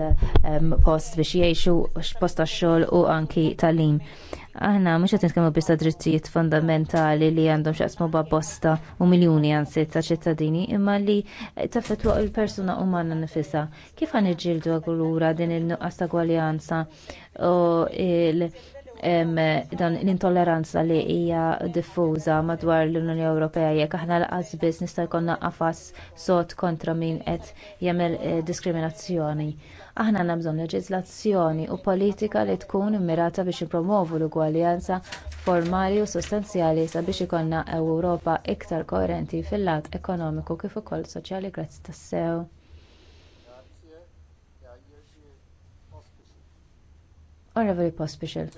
Um, post biex jgħixu post tax-xogħol u anki tal-lim. Aħna mhux qed nitkellmu biss ta' drittijiet fundamentali li għandhom x'qasmu babbosta u miljuni anzi ta' ċittadini imma li taffettwa il-persuna umana nifisha. Kif ħan iġġieldu din il-nuqqas ta' gwaljanza u dan l-intolleranza li hija diffuża madwar l-Unjoni Ewropea jekk aħna laqas biss nista' jkollna qafas sod kontra min qed jagħmel eh, diskriminazzjoni. Aħna għandna bżonn leġiżlazzjoni u politika li tkun immirata biex ippromovu l-ugwaljanza formali u sostanzjali sabiex ikollna Ewropa iktar koerenti fil-lat ekonomiku kif ukoll soċjali grazzi tassew. Onorevoli Pospixil.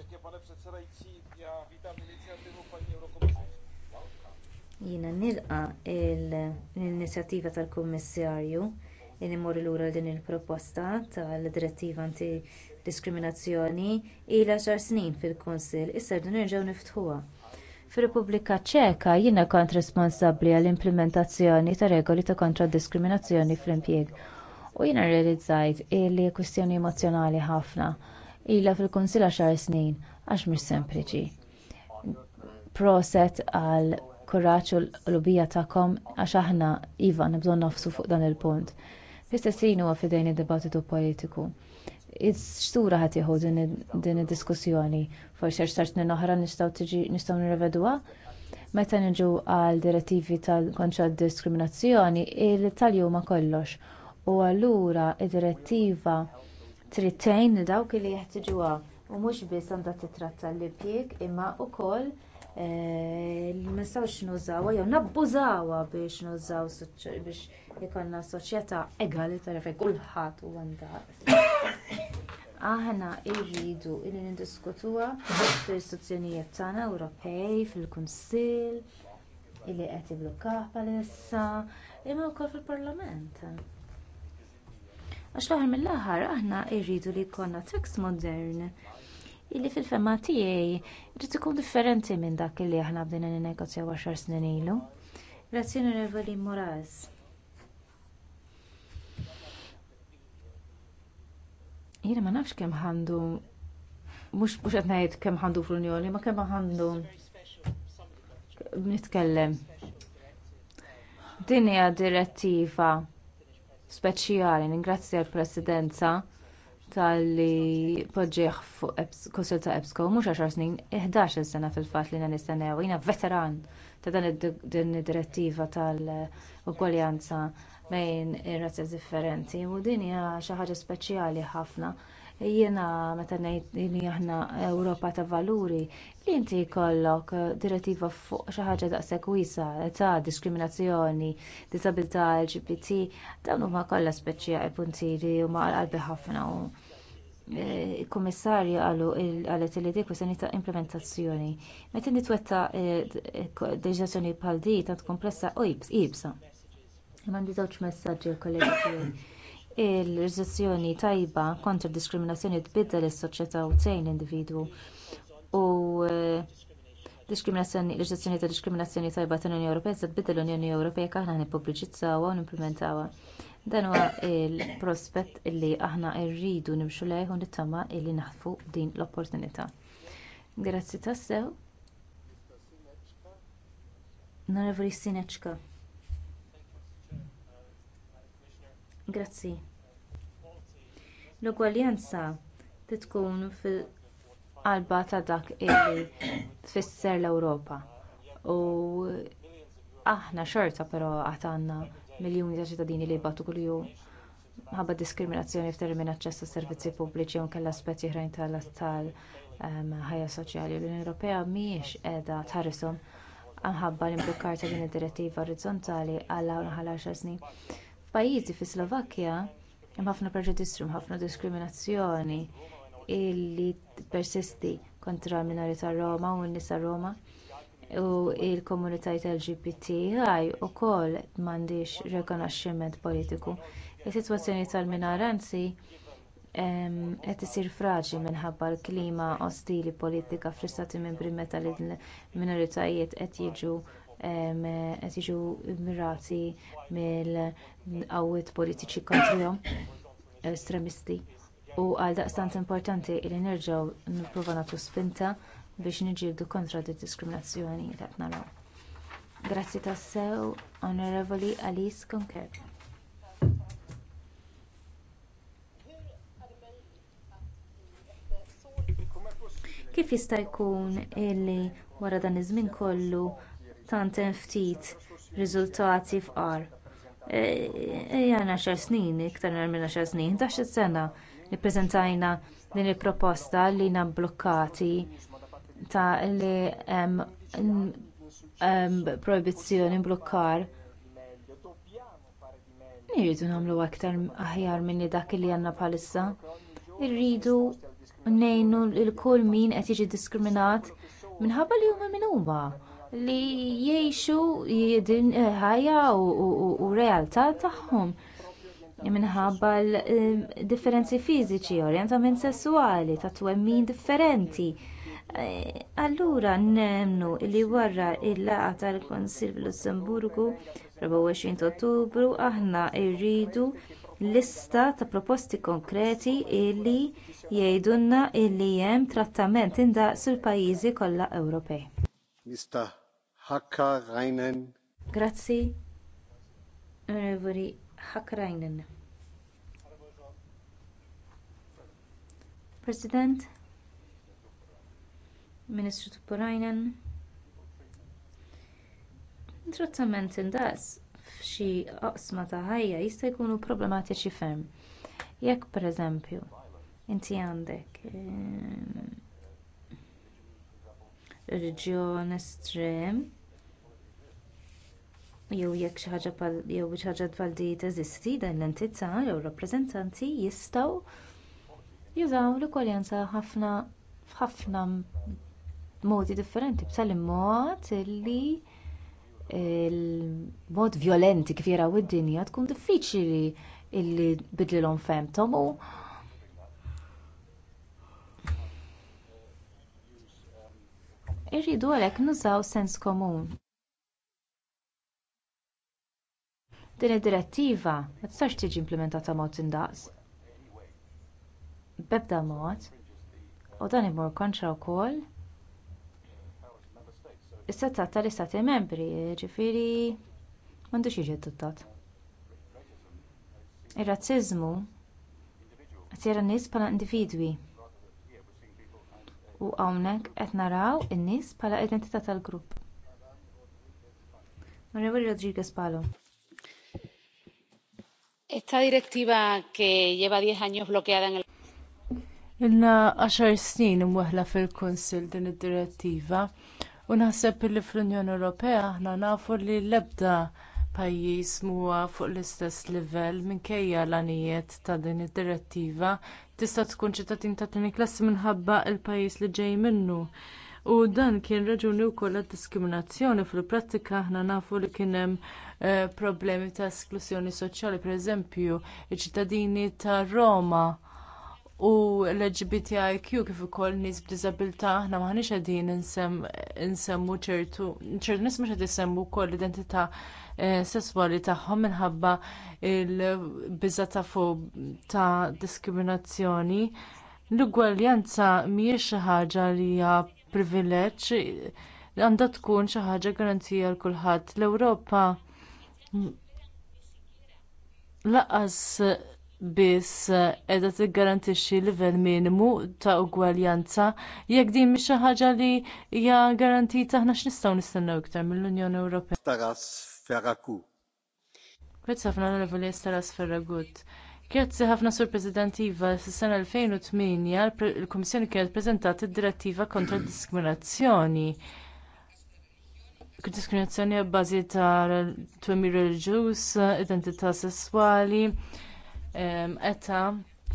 jiena nilqa l-inizjattiva tal-kummissarju li mmorru lura din il-proposta tad-direttiva antidiskriminazzjoni ilha xahar snin fil-kunsill issa rridu nerġgħu niftħuha fir-repubblika ċeka jiena kont responsabbli għall-implementazzjoni ta' regoli ta' kontra d-diskriminazzjoni fl-impjieg u jiena rrealizzajt li kwistjoni emozzjonali ħafna ilha fil-kunsill għaxar snin għax mhux sempliċi proset għal il-kuraġġ u l-qlubija tagħkom għax aħna iva nibżgħu nofsu fuq dan il-punt fl-istess ħin huwa f'idejn id-dibattitu politiku x'sura ħadd jieħu din id-diskussjoni forsi għax sar snin oħra nistgħu nirrevedwa. meta niġu għal direttivi kontra d-diskriminazzjoni l-italji huma kollox u allura id-direttiva trid tgħin dawk li jeħtieġuha u mhux biss għandha titratta l-impjieg imma wkoll Eh, li ma nistgħux nużawha jew nabbużawha biex nużaw biex ikollna soċjetà egalitarja fejn kulħadd huwa ndaqs. Aħna jridu li niddiskutuha fl-istituzzjonijiet tagħna Ewropej, fil-Kunsill, illi qed jiblukkaw bħalissa, imma wkoll fil-Parlament għax l-aħħar mill-aħħar aħna jridu li jkollna tekst modern illi fil-fema tiegħi irid ikun differenti minn dak illi aħna bdejna ninnegozjaw għaxar snin ilu. Grazzi Onorevoli Moraz. Jiena ma nafx kemm ħandu mhux mhux qed ngħid kemm ħandu fl-Unjoni, ma kemm ħandu nitkellem. Din hija direttiva speċjali, ningrazzja l-Presidenza tal-li poġġieħ fuq konsil ta' EBSCO mhux għaxar snin, 11 sena fil-fatt li na nistennew, jiena veteran ta' din id-direttiva tal-ugwaljanza bejn ir-razzi differenti u din hija xi ħaġa speċjali ħafna Jiena meta ngħid li aħna Ewropa ta' valuri, li inti jkollok direttiva fuq xi ħaġa daqshekk wiesa, età, diskriminazzjoni, disabilità LGBT, dawn huma kollha speċi punti li huma qalbi ħafna u e, il-kummissarju qalu qalet li dik kwestjoni ta' implementazzjoni. Meta nitwetta' e, deċiżjoni bħal di ta' tkomplessa u jibsa. Mandi żewġ messaġġi l-kollegi il-leġiżlazzjoni tajba kontra d-diskriminazzjoni tbiddel is-soċjetà u tgħin l-individwu u eh, diskriminazzjoni leġiżlazzjoni ta' diskriminazzjoni tajba tal-Unjoni Ewropea se tbiddel l-Unjoni Ewropea jekk aħna nippubbliċizzawha u nimplementawha. Dan huwa l-prospett li aħna rridu nimxu lejh u nittama' li naħtfu din l-opportunità. Grazzi tassew. Narevoli Sineċka. Grazzi. L-ugwaljanza tkun fil-qalba ta' dak illi tfisser l-Ewropa. U aħna xorta però qatt għandna miljuni ta' ċittadini li jbatu kuljum ħabba diskriminazzjoni minn aċċess għas servizzi pubbliċi u nkella aspetti oħrajn tal-ħajja ehm, soċjali. L-Unjoni Ewropea mhijiex qiegħda tħarrishom minħabba l-imblukkar ta' din id-direttiva orizzontali għal hawn ħala xar snin F'pajjiżi fi Slovakkja hemm ħafna preġudizzju, ħafna diskriminazzjoni illi ppersisti kontra l-minorità Roma u n-nisa Roma u l-komunitajiet LGBTI wkoll m'għandix rikonoxximent politiku. Is-sitwazzjoni tal-minoranzi qed isir fraġli minħabba l-klima ostili politika fl-istati membri meta l-minoritajiet qed jiġu qed jiġu mirati mill-qawwiet politiċi kontrihom estremisti u għaldaqstant importanti li nerġgħu nippruvaw nagħtu spinta biex niġġieldu kontra d-diskriminazzjoni li qed naraw. Grazzi tassew, Onorevoli Alice Conker. Kif jista' jkun illi wara dan iż-żmien kollu tant hemm ftit riżultati fqar. Ejja e, għaxar snin, iktar minn għaxar snin, ħdax-il sena li ppreżentajna din il-proposta li na blokkati ta' li proibizzjoni blokkar. Irridu nagħmlu aktar aħjar minni dak li għandna bħalissa. Irridu ngħinu l-kull min qed jiġi diskriminat minħabba li huma min huma li jgħixu din eh, ħajja u realtà tagħhom minħabba l-differenzi eh, fiżiċi, orjentament sessuali, ta' twemmin differenti. Eh, allura nemnu li warra il laqgħa tal-Konsil Lussemburgu 24 Ottubru aħna rridu lista ta' proposti konkreti li jgħidulna li hemm trattament indaqs il pajjiżi kollha Ewropej. Hakkarainen. Grazzi, Onorevoli Hakkarainen. President, Ministru Tupurainen, trattament indas f'xi oqsma ta' ħajja jista' jkunu problematiċi ferm jekk pereżempju inti għandek ehm, reġjun estrem jew jekk xi ħaġa bħal jew xi ħaġa bħal di teżisti dan l-entità jew rappreżentanti jistgħu jużaw l-ikwaljanza ħafna f'ħafna modi differenti b'tali mod li il-mod vjolenti kif jaraw id-dinja tkun diffiċli illi bidlilhom femtom u irridu għalhekk nużaw sens komun Din id-direttiva ma tistax tiġi implementata mod indaqs. B'ebda mod, u dan imur kontra wkoll is-settat tal-istati membri, jiġifieri m'għandux jiġi adottat. Ir-razziżmu qed jara n-nies bħala individwi. U hawnhekk qed naraw in-nies bħala identità tal-grupp. Maria Rodriguez Palo. Esta direttiva que lleva 10 años bloqueada en el Ilna 10 snin imweħla fil konsil din id-direttiva u naħseb li fl-Unjoni Ewropea aħna nafu li l-ebda pajjiż huwa fuq l-istess livell minkejja l anijiet ta' din id-direttiva tista' tkun ċittadin ta' tieni klassi minħabba l-pajjiż li ġej minnu u dan kien raġuni wkoll għad-diskriminazzjoni fil-prattika aħna nafu li kien hemm eh, problemi ta' esklużjoni soċjali pereżempju iċ-ċittadini ta' Roma u l-LGBTIQ kif ukoll nies b'diżabilità aħna maħniex qegħdin insemmu ċertu ċertu nies mhux qed isemmu wkoll l-identità eh, sesswali tagħhom minħabba l-biża' ta' fuq ta' diskriminazzjoni l-ugwaljanza mhijiex xi ħaġa li hija privileġġ għandha tkun xi ħaġa garanzija għal kulħadd. L-Ewropa lanqas biss qiegħda tiggarantixxi livell minimu ta' ugwaljanza jekk din mhix xi ħaġa li hija garantita aħna x'nistgħu nistennew iktar mill-Unjoni Ewropea. Staras Ferragut. Grazzi ħafna l Staras Ferragut. Grazzi ħafna sur President Iva, s-sena 2008 il-Komissjoni kienet prezentat id-direttiva kontra diskriminazzjoni. Diskriminazzjoni b'bażi ta' twemmi reliġjuż, identità sessuali, età.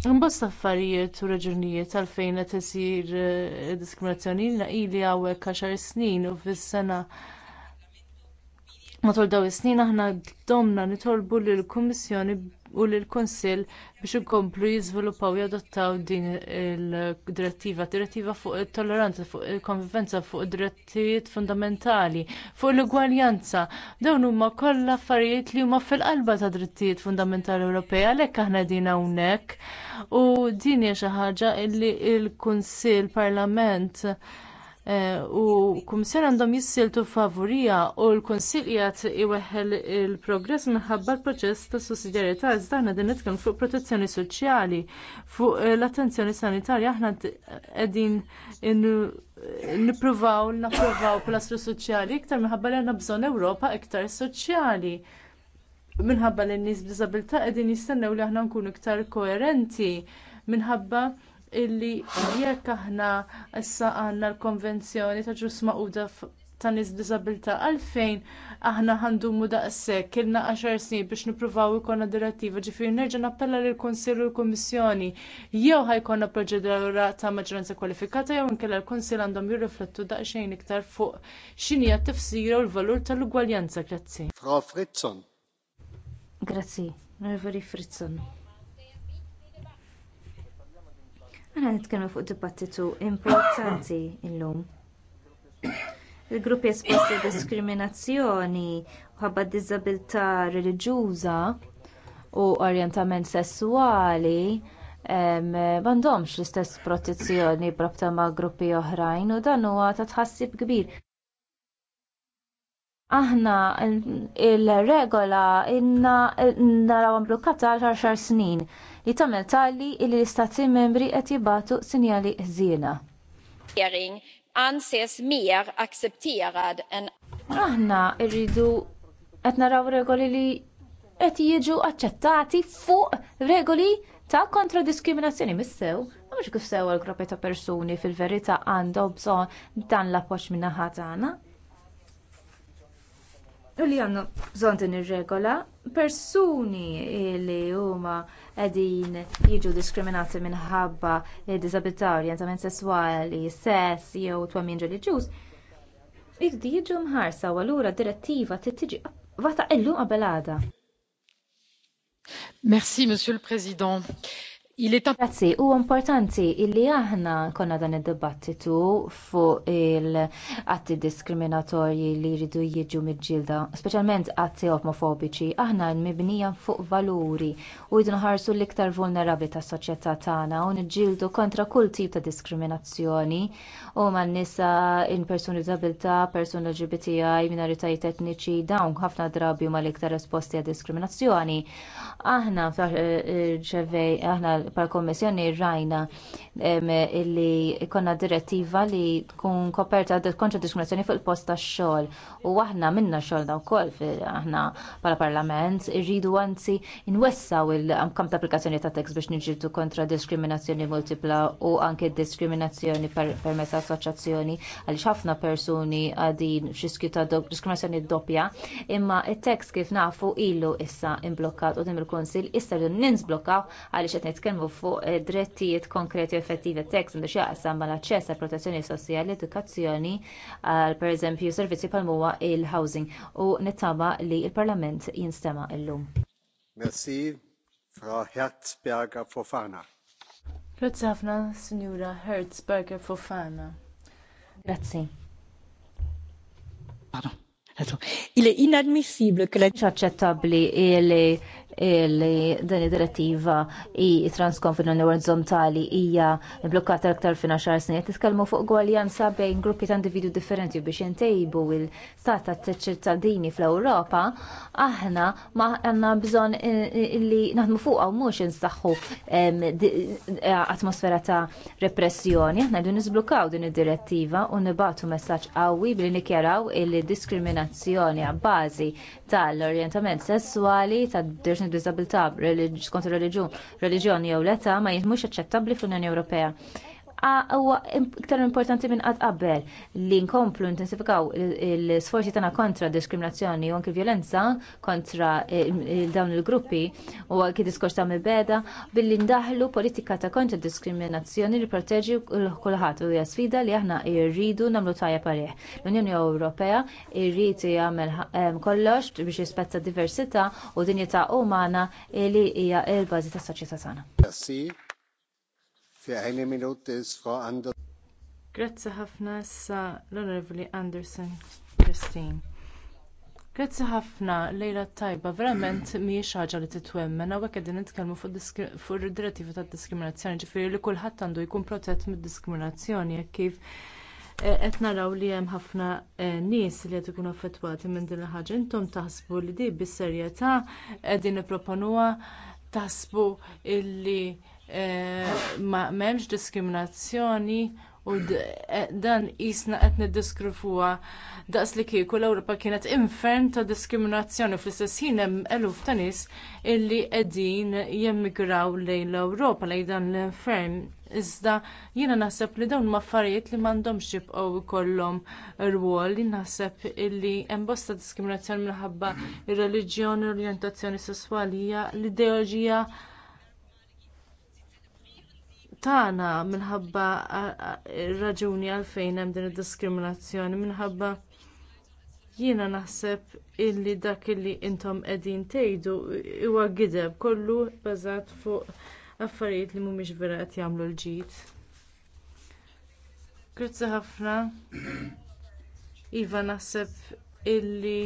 mbost affarijiet u raġunijiet għalfejn qed isir eh, diskriminazzjoni ilna hawnhekk għaxar snin u fis-sena matul dawn is-snin aħna domna nitolbu lill-kummissjoni u lill-kunsill biex ikomplu jiżviluppaw u jadottaw din id-direttiva direttiva fuq it-tolleranza fuq il-konvivenza fuq id-drittijiet fundamentali fuq l-ugwaljanza dawn huma kollha affarijiet li huma fil-qalba tad drittijiet fundamentali Ewropej għalhekk aħna din hawnhekk u din hija xi ħaġa li l-kunsill parlament Eh, u kumissar għandhom jissiltu favorija u l-Konsil iweħel il-progress minħabba l-proċess ta' sussidjarjetà iżda aħna din nitkellmu fuq protezzjoni soċjali, fuq eh, l-attenzjoni sanitarja aħna qegħdin nippruvaw napprovaw plastru soċjali iktar minħabba li għandna bżonn Ewropa iktar soċjali minħabba li n-nies b'diżabilità qegħdin jistennew li aħna nkunu iktar koerenti minħabba illi jekk aħna issa għandna l-konvenzjoni ta' ġus maquda ta' nies b'diżabilità għalfejn aħna ħandumu daqshekk ilna għaxar snin biex nippruvaw ikollna direttiva ġifieri nerġa' nappella lill kunsill u l-Kummissjoni jew ħajkollna proċedura ta' maġġoranza kwalifikata jew inkella l-Kunsill għandhom jirriflettu daqsxejn iktar fuq x'inhi t-tifsira u l-valur tal-ugwaljanza grazzi. Frau Fritzon. Grazzi, Reveri Fritzon. Għana nitkellmu fuq dibattitu importanti illum. Il-gruppi esposti diskriminazzjoni u ħabba diżabilità reliġjuża u orjentament sesswali m'għandhomx l-istess protezzjoni brabta ma' gruppi oħrajn u dan huwa ta' tħassib kbir aħna il-regola inna naraw blokkata għal xar snin li tagħmel tali li l-istati membri qed jibatu sinjali ħżiena. anses mer aksepterad en Aħna rridu qed naraw regoli li qed jiġu aċċettati fuq regoli ta' kontra diskriminazzjoni missew, mhux kif sew l-gruppi ta' persuni fil-verità għandhom bżonn dan l-appoġġ min-naħa tagħna u li għandna bżonn din ir-regola persuni li huma qegħdin jiġu diskriminati minħabba diżabilità orjentament sesswali, sess jew twemmin reliġjuż irdi jiġu mħarsa u allura direttiva tiġi vata illum qabel għada. Merci, Monsieur le Président. Grazzi, u importanti illi aħna konna dan id-dibattitu fuq il-atti diskriminatorji li jridu jiġu mid-ġilda, specialment atti homofobiċi, aħna mibnija fuq valuri u jridu nħarsu l-iktar vulnerabli tas soċjetà tagħna u niġġieldu kontra kull tip ta' diskriminazzjoni u man nisa in persuni disabilità, persuni LGBTI, minoritajiet etniċi, dawn ħafna drabi ma l-iktar esposti għad diskriminazzjoni. Aħna eh, eh, ċevej, aħna pal kommissjoni rajna illi konna direttiva li tkun koperta kontra diskriminazzjoni fuq il-post tax xogħol u aħna minna xogħolna wkoll aħna bħala parlament irridu anzi nwessaw il-kamp ta' applikazzjoni ta' tekst biex niġġieldu kontra diskriminazzjoni multipla u anke diskriminazzjoni permezz assoċjazzjoni għaliex ħafna persuni għadin x'iskju ta' diskriminazzjoni doppja imma it-tekst kif nafu ilu issa imblokkat u dim il-Konsil issa li ninsblokkaw għaliex qed nitkellmu nitkellmu fuq eh, drittijiet konkreti u effettivi t-tekst biex jaqsam mal-aċċess għal protezzjoni sosjali, edukazzjoni għal pereżempju servizzi bħal huwa il-housing u nittama li l parlament jinstema' llum. Merci, Frau Herzberger Fofana. Grazzi ħafna, Herzberger Fofana. Pardon. Il li dan id-direttiva i transkonfinali orizzontali hija blokkata aktar fin 10 snin. Titkellmu fuq gwaljanza bejn gruppi ta' individwi differenti biex intejbu il-stat ta' ċittadini fl-Ewropa, aħna ma għandna bżonn li naħdmu fuq għaw mhux insaħħu atmosfera ta' repressjoni. Aħna rridu niżblukkaw din id-direttiva u nibatu messaġġ qawwi bil nikjaraw il-diskriminazzjoni għabbażi tal-orjentament sessuali, tad-dirġni persuni b'diżabilità skont ir-reliġjoni jew l-età ma jimux aċċettabbli fl-Unjoni Ewropea huwa iktar importanti minn qatt qabel li nkomplu intensifikaw l-sforzi tagħna kontra diskriminazzjoni u anke violenza kontra eh, dawn il-gruppi u anke diskors ta' mibeda billi ndaħlu politika ta' kontra diskriminazzjoni li proteġi kulħadd u hija sfida li aħna rridu nagħmlu tajja parih. L-Unjoni Ewropea rrid jagħmel eh, kollox biex jispetta diversità u dinjità umana li hija l-bażi tas-soċjetà tagħna. Grazzi ħafna sa l-Onorevoli Anderson Christine. Grazzi ħafna lejla tajba, verament mhijiex ħaġa li titwemmen, hawnhekk qegħdin nitkellmu fuq id-direttiva tad-diskriminazzjoni, ġifieri li kulħadd għandu jkun protett mid-diskriminazzjoni jekk kif eh, qed naraw li hemm ħafna eh, nies li qed ikunu affettwati minn din il-ħaġa. Intom taħsbu li di bis-serjetà qegħdin nipproponuha taħsbu illi Eh, ma m'hemmx diskriminazzjoni u eh, dan qisna qed niddiskrivuha daqs li kieku l-Ewropa kienet infern ta' diskriminazzjoni fl-istess ħin hemm eluf ta' nies illi qegħdin jemigraw lejn l-Ewropa lejn dan l-infern. Iżda jiena naħseb li dawn affarijiet li m'għandhomx jibqgħu jkollhom rwol li naħseb illi hemm bosta diskriminazzjoni minħabba ir-reliġjoni, l-orjentazzjoni sesswali l-ideoloġija tagħna minħabba raġuni għalfejn hemm din id-diskriminazzjoni minħabba jiena naħseb illi dak illi intom qegħdin tgħidu huwa gideb kollu bbażat fuq affarijiet li mhumiex vera qed jagħmlu l-ġid. Grazzi ħafna. Iva naħseb illi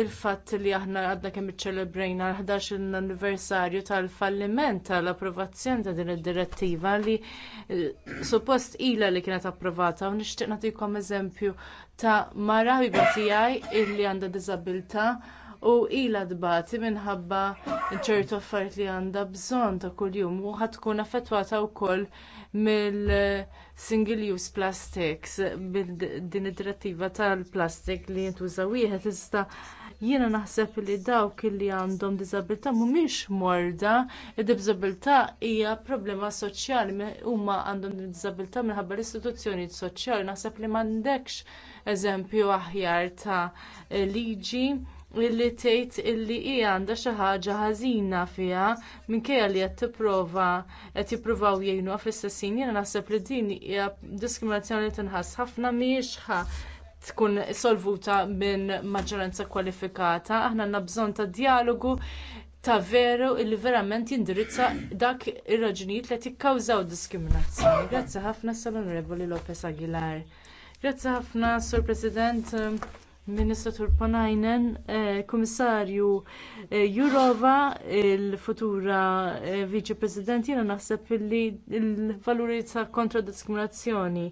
il-fatt li aħna għadna kemm iċċelebrejna l-11 anniversarju tal-falliment tal-approvazzjoni ta' din id-direttiva li eh, suppost ilha li kienet approvata u nixtieq nagħtikom eżempju ta' mara ħbiba tiegħi illi għandha diżabilità u ilha dbati minħabba ċertu affarijiet li għandha bżonn ta' kuljum u ħatkun affettwata wkoll mill-single use plastics din id-direttiva tal-plastik li jintuża wieħed iżda Jiena naħseb li dawk li għandhom diżabilità mhumiex morda, id-diżabilità hija problema soċjali huma għandhom diżabilità minħabba l istituzzjoni soċjali. Naħseb li m'għandekx eżempju aħjar ta' liġi illi tgħid illi hija għandha xi ħaġa ħażina fiha minkejja li qed tipprova qed jippruvaw jgħinuha fl-istess ħin jiena naħseb li din hija diskriminazzjoni tinħass ħafna mhijiex tkun solvuta minn maġġoranza kwalifikata. Aħna għandna bżonn ta' dialogu ta' veru li verament jindirizza dak ir-raġunijiet li tikkawżaw diskriminazzjoni. Grazzi ħafna sal-Onorevoli Lopez Aguilar. Grazzi ħafna, Sur President. Ministru Turpanajnen, eh, Komissarju eh, Jurova, il-futura eh, Viċi President, jena naħseb li l-valuri ta' kontra-diskriminazzjoni.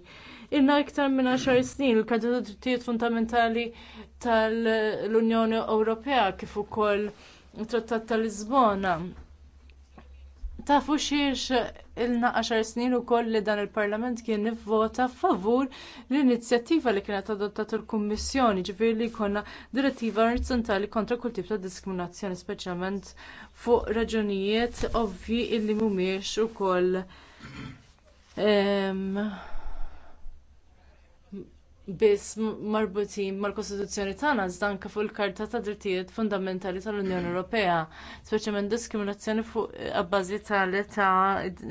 Ilna iktar minn 10 snin il kandidatijiet Drittijiet Fundamentali tal-Unjoni Ewropea kif ukoll it-Trattat tal-Lisbona. Tafu xiex ilna 10 snin ukoll li dan il-Parlament kien nivvota favur l-inizjattiva li kienet adottat il-Kummissjoni ġifir li jkollna direttiva orizzontali kontra kull tip ta' diskriminazzjoni speċjalment fuq raġunijiet ovvi illi mhumiex ukoll um, biss marbutin mal-Kostituzzjoni tagħna iżda anke fuq il-Karta ta' Drittijiet Fundamentali tal-Unjoni Ewropea, speċjalment diskriminazzjoni fuq eh, abbażi tal-età,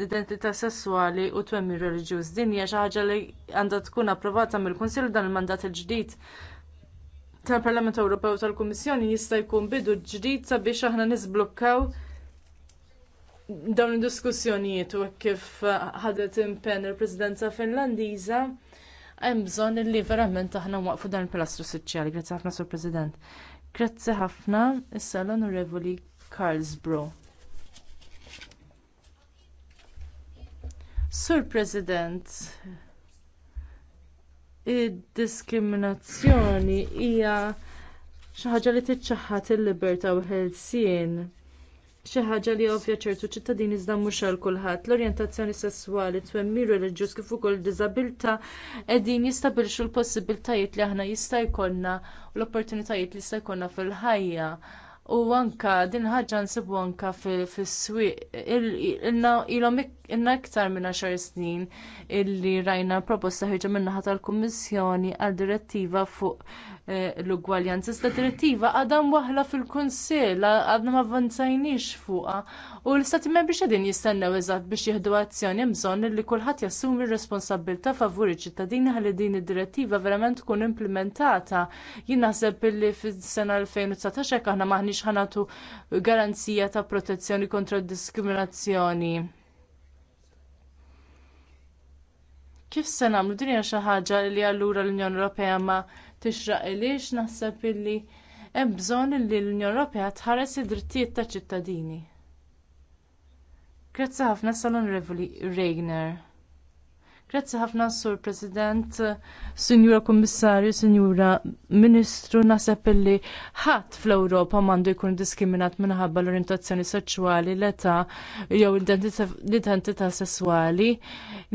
identità sesswali u twemmir reliġjuż. Din hija xi ħaġa li għandha tkun approvata mill-Kunsill dan il-mandat il-ġdid tal-Parlament Ewropew tal-Kummissjoni jista' jkun bidu ġdid sabiex aħna nisblukkaw dawn id-diskussjonijiet u kif eh, ħadet impenn il-Presidenza Finlandiża hemm bżonn li verament aħna waqfu dan il-pilastru soċjali. Grazzi ħafna sur President. Grazzi ħafna issa l-Onorevoli Carlsbro. Sur President, id-diskriminazzjoni hija xi ħaġa li tiċċaħħat il-libertà u ħelsien xi ħaġa li ovvja ċertu ċittadini iżda mhux għal kulħadd. L-orjentazzjoni sesswali twemmir reliġjuż kif ukoll diżabilità qegħdin jistabbilxu l-possibbiltajiet li aħna jista' jkollna u l-opportunitajiet li jista' jkollna fil-ħajja. U anka din ħaġa nsibu anka fis-swieq ilhom inna iktar minn għaxar snin illi rajna proposta ħirġa min-naħa tal-Kummissjoni għal direttiva fuq Eh, l-ugwaljanza. Iżda direttiva għadha waħla fil-Kunsill, għadna ma avvanzajniex fuqha. U l-Istati Membri xedin jistennew eżatt biex jieħdu azzjoni bżonn li kulħadd jassumi r-responsabbilta favuri iċ-ċittadini ħalli din id-direttiva verament tkun implementata. Jien naħseb li fis-sena 2019 hekk aħna maħniex ħanatu garanzija ta' protezzjoni kontra d diskriminazzjoni. Kif se nagħmlu din hija xi ħaġa li allura l-Unjoni Ewropea ma tixraq iliex naħseb illi hemm bżonn li l-Unjoni Ewropea tħares id-drittijiet taċ-ċittadini. Grazzi ħafna sal-Onorevoli Regner. Grazzi ħafna Sur President, Sinjura Kommissarju, Sinjura Ministru, nasab illi ħadd fl-Ewropa m'għandu jkun diskriminat minħabba l-orientazzjoni sessuali, l-età jew l-identità sesswali.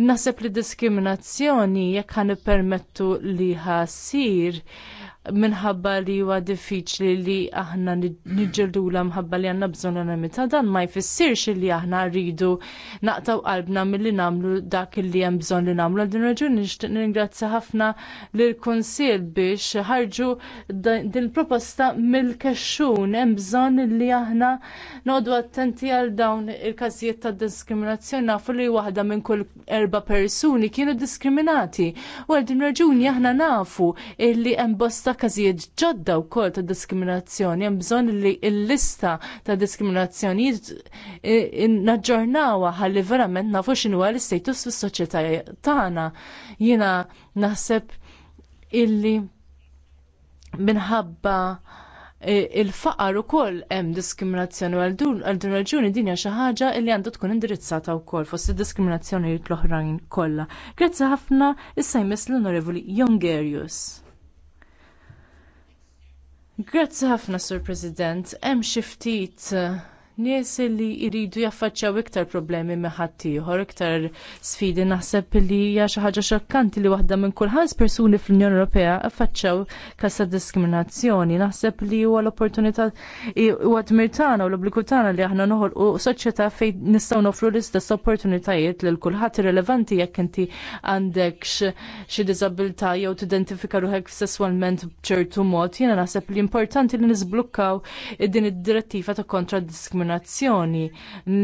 Nasab li diskriminazzjoni jekk ħan permettu li ħasir. sir minħabba li huwa diffiċli li aħna la mħabba li għandna bżonn anonimita dan ma jfissirx li aħna rridu naqtaw qalbna milli nagħmlu dak li hemm bżonn li nagħmlu għal din raġun nixtieq ningrazzja ħafna lil kunsill biex ħarġu din proposta mill-kexxun hemm bżonn li aħna noqogħdu attenti għal dawn il-każijiet ta' diskriminazzjoni nafu li waħda minn kull erba' persuni kienu diskriminati u għal din raġuni aħna nafu illi hemm bosta każijiet ġodda wkoll ta' diskriminazzjoni hemm bżonn li l-lista ta' diskriminazzjonijiet eh, naġġornawha ħalli verament nafu x'inhu l-istatus fis-soċjetà tagħna. Jiena naħseb illi minħabba eh, il-faqar ukoll hemm diskriminazzjoni għal din raġuni din hija xi ħaġa li għandha tkun indirizzata wkoll fost id-diskriminazzjonijiet l-oħrajn kollha. Grazzi ħafna issa jmiss l-Onorevoli Jongerius. Grazzi ħafna, Sur President. Hemm xi ftit eh, nies li jridu jaffaċċjaw iktar problemi minn ħaddieħor, iktar sfidi naħseb li hija xi ħaġa xokkanti li waħda minn kull ħames persuni fl-Unjoni Ewropea affaċċjaw kasta diskriminazzjoni. Naħseb li huwa l-opportunità huwa tmirtana tagħna u l-obbligu tagħna li aħna noħolqu soċjetà fejn nistgħu nofru l-istess opportunitajiet lil kulħadd irrelevanti jekk inti għandek xi diżabilità jew tidentifika ruħek sesswalment b'ċertu mod. Jiena naħseb li importanti li nisblukkaw din id-direttiva ta' kontra d diskriminazzjoni diskriminazzjoni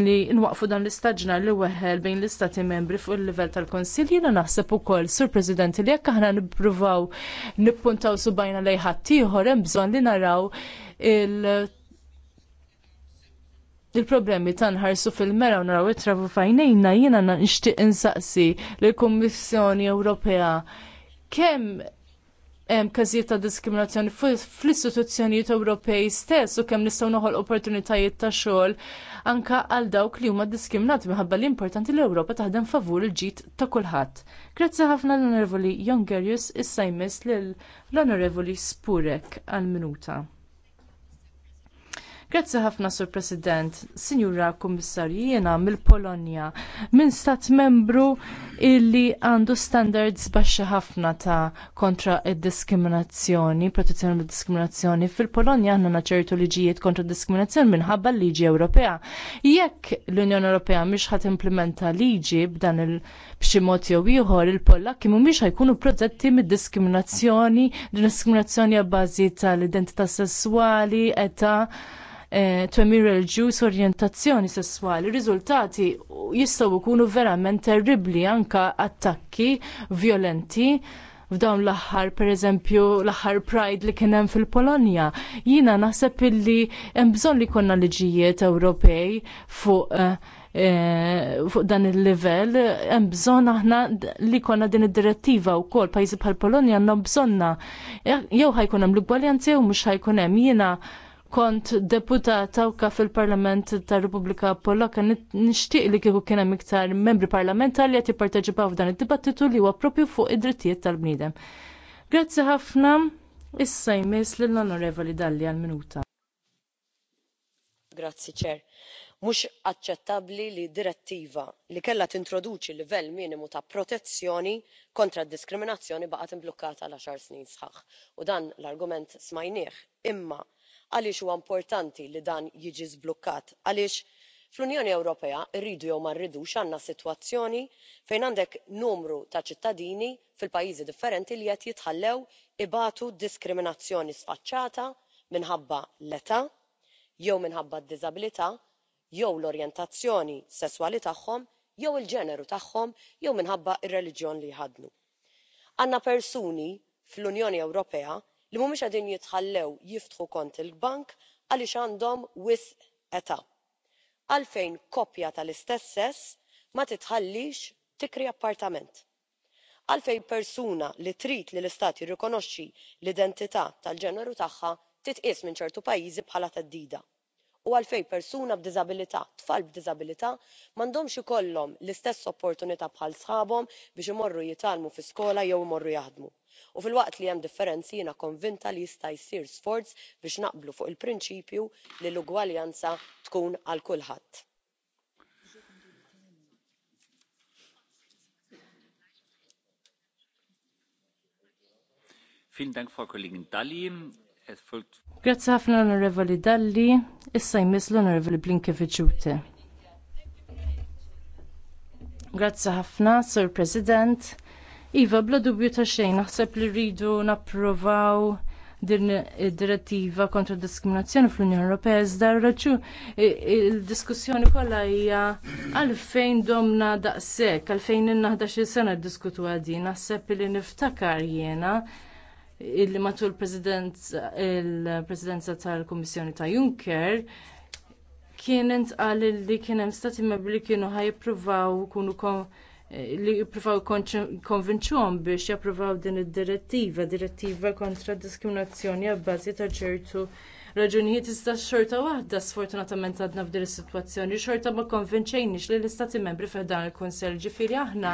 li nwaqfu dan l-istaġna li weħel bejn l-istati membri fuq il-livell tal-Konsilji li naħseb ukoll sur President li jekk aħna nippruvaw nippuntaw subajna lejn ħadd ieħor hemm bżonn li naraw il- il-problemi tanħarsu fil-mera u naraw it-travu fajnejna jiena nixtieq insaqsi lill kummissjoni Ewropea kemm każijiet ta' diskriminazzjoni fl-istituzzjonijiet Ewropej stess u kemm nistgħu noħol opportunitajiet ta' xogħol anke għal dawk li huma diskriminati minħabba li importanti l-Ewropa taħdem favur il-ġid ta' kulħadd. Grazzi ħafna l-Onorevoli Jongerius issa jmiss lill onorevoli Spurek għal minuta. Grazzi ħafna, Sur President, Sinjura Kummissarju, jiena mill-Polonja, minn stat membru illi għandu standards baxxa ħafna ta' kontra id-diskriminazzjoni, protezzjoni mid diskriminazzjoni Fil-Polonja għanna naċertu liġijiet kontra diskriminazzjoni minħabba l-liġi Ewropea. Jekk l-Unjoni Ewropea mhix ħadd implementa liġi b'dan il b'xi mod jew ieħor il-Pollakki mhumiex ħajkunu protetti mid-diskriminazzjoni, diskriminazzjoni għabbażi tal-identità sessuali, età, Eh, twemmir il-ġus orientazzjoni sessuali. Riżultati jistgħu jkunu verament terribli anke attakki violenti f'dawn l-aħħar pereżempju l-aħħar Pride li kien hemm fil-Polonja. Jiena naħseb illi hemm bżonn li jkollna liġijiet Ewropej fuq eh, eh, fuq dan il-level, hemm bżonn aħna li konna din id-direttiva wkoll pajzi bħal Polonja għandhom bżonna. Jew ħajkun hemm l-ugwaljanza u mhux ħajkun hemm. Jiena kont deputata u kaf il-Parlament tar Repubblika Polaka, nixtieq li kieku kien hemm iktar membri parlamentari li qed jipparteċipaw f'dan id-dibattitu li huwa proprju fuq id-drittijiet tal-bniedem. Grazzi ħafna. Issa jmiss lill-Onorevoli Dalli għal minuta. Grazzi ċer. Mhux aċċettabbli li direttiva li kellha tintroduċi livell minimu ta' protezzjoni kontra d-diskriminazzjoni baqgħet imblukkata għal għaxar snin sħaħ u dan l-argument smajnieh imma għaliex huwa importanti li dan jiġi żblukkat għaliex fl-unjoni ewropea rridu jew ma rridux għandna sitwazzjoni fejn għandek numru ta' ċittadini fil pajjiżi differenti li qed jitħallew ibatu diskriminazzjoni sfaċċata minħabba l-età jew minħabba d-diżabilità jew l-orjentazzjoni sesswali tagħhom jew il-ġeneru tagħhom jew minħabba r reliġjon li jħaddmu. għandna persuni fl-unjoni ewropea li mhumiex qegħdin jitħallew jiftħu kont il-bank għaliex għandhom wisq età għalfejn koppja tal-istess sess ma titħallix tikri appartament għalfejn persuna li trid li l istat jirrikonoxxi l identità tal ġeneru tagħha titqies minn ċertu pajjiżi bħala theddida u għalfejn persuna b'diżabilità tfal b'diżabilità m'għandhomx ikollhom l-istess opportunità bħal sħabhom biex imorru jitgħallmu fi skola jew imorru jaħdmu u filwaqt li hemm differenzi jiena konvinta li jista' jsir sforz biex naqblu fuq il-prinċipju li l-ugwaljanza tkun għal kulħadd. Grazzi ħafna l-Onorevoli Dalli, issa jmiss l-Onorevoli Blinkeviċute. Grazzi ħafna, Sir President. Iva, bla dubju ta' xejn, naħseb li rridu napprovaw din id-direttiva kontra d diskriminazzjoni fl-Unjoni Ewropea iżda raġu il-diskussjoni kollha hija għalfejn domna daqshekk, għalfejn inna 11 sena ddiskutu għadin, naħseb li niftakar jiena illi matul il-presidenza tal-Kummissjoni ta' Juncker kien intqal li kien hemm stati membri li kienu ħajjippruvaw ikunu li jippruvaw konvinċuhom biex jappruvaw din id-direttiva, direttiva kontra diskriminazzjoni għabbażi ta' ċertu raġunijiet iżda xorta waħda sfortunatament għadna f'din is-sitwazzjoni xorta ma konvinċejniex li l-istati membri f'dan il-Kunsell ġifieri aħna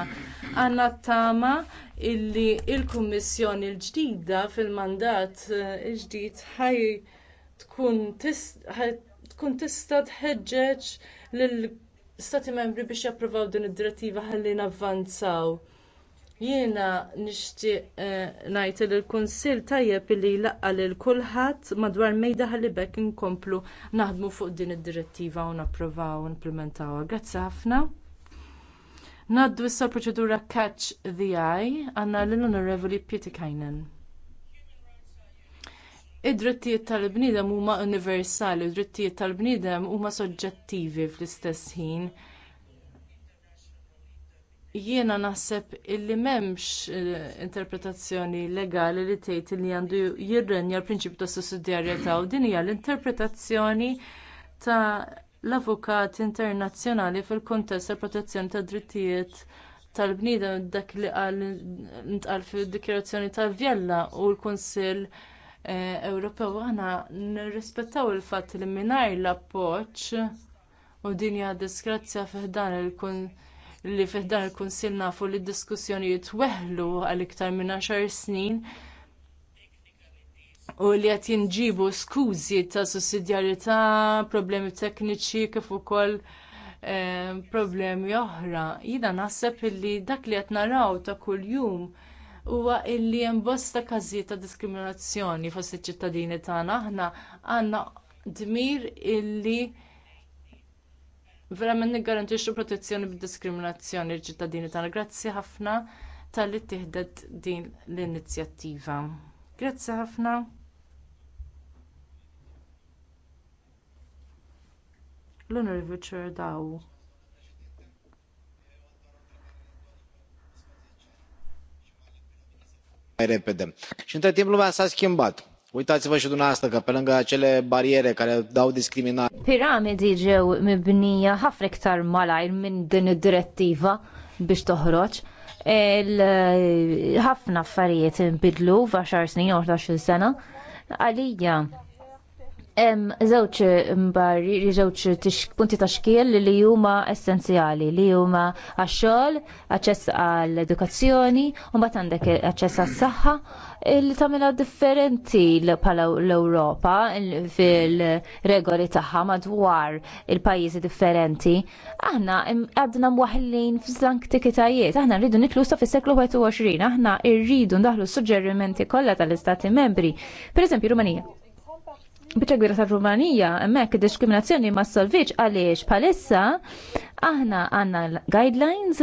għandna tama illi il-Kummissjoni l-ġdida fil-mandat eh, ġdid ħaj tkun tista' tħeġġeġ lill stati membri biex japprovaw din id-direttiva ħalli navvanzaw Jiena nixtieq eh, ngħid li l-Kunsill tajjeb li jlaqqa lil kulħadd madwar mejda ħalli bekk inkomplu naħdmu fuq din id-direttiva u napprovaw u implementawha. Grazzi ħafna. Naddu issa proċedura catch the eye għandna l-Onorevoli Pietikajnen. Id-drittijiet tal-bniedem huma universali, id-drittijiet tal-bniedem huma soġġettivi fl-istess ħin jiena naħseb illi m'hemmx eh, interpretazzjoni legali li tgħid li għandu jirrenja l-prinċipju ta' sussidjarjetà u din hija l-interpretazzjoni ta' l-avukat internazzjonali fil-kuntest tal protezzjoni tad drittijiet tal-bniedem dak li qal ntqal fid-dikjarazzjoni ta' Vjella u l-Kunsill eh, Ewropew aħna nirrispettaw il-fatt li mingħajr l-appoġġ u din hija diskrazzja fih dan il-kunsill li fih il-Kunsill nafu li d-diskussjonijiet weħlu għal iktar minn 10 snin u li qed jinġibu skużi ta' sussidjarjetà, problemi tekniċi kif ukoll eh, problemi oħra. Jiena naħseb illi dak li qed naraw ta' kuljum huwa illi hemm bosta każijiet ta' diskriminazzjoni fost iċ-ċittadini tagħna aħna għandna dmir illi verament niggarantixxu protezzjoni bid-diskriminazzjoni l ġittadini tagħna. Grazzi ħafna talli tieħdet din l-inizjattiva. Grazzi ħafna. L-Onorevoli Ċerdaw. mai repede. Și Uitați-vă și dumneavoastră că pe lângă acele bariere care dau discriminare. Piramidi ġew mibnija ħafna iktar malajr minn din id-direttiva biex toħroġ. Eh, ħafna affarijiet inbidlu f'għaxar snin u 11 sena. Għalija Hemm żewġ mbarri, żewġ punti ta' xkiel li huma essenzjali li huma għax-xogħol, aċċess għall-edukazzjoni, u mbagħad għandek aċċess għas-saħħa li tagħmilha differenti bħala l-Ewropa fil-regoli tagħha madwar il-pajjiżi differenti. Aħna għadna mwaħlin f'żanktikitajiet, aħna rridu sa' fis-seklu 21, aħna rridu ndaħlu suġġerimenti kollha tal-Istati membri. Pereżempju Rumanija Bicċa kbira ta' Rumanija, emmek diskriminazzjoni ma' solviċ għaliex palissa aħna għanna guidelines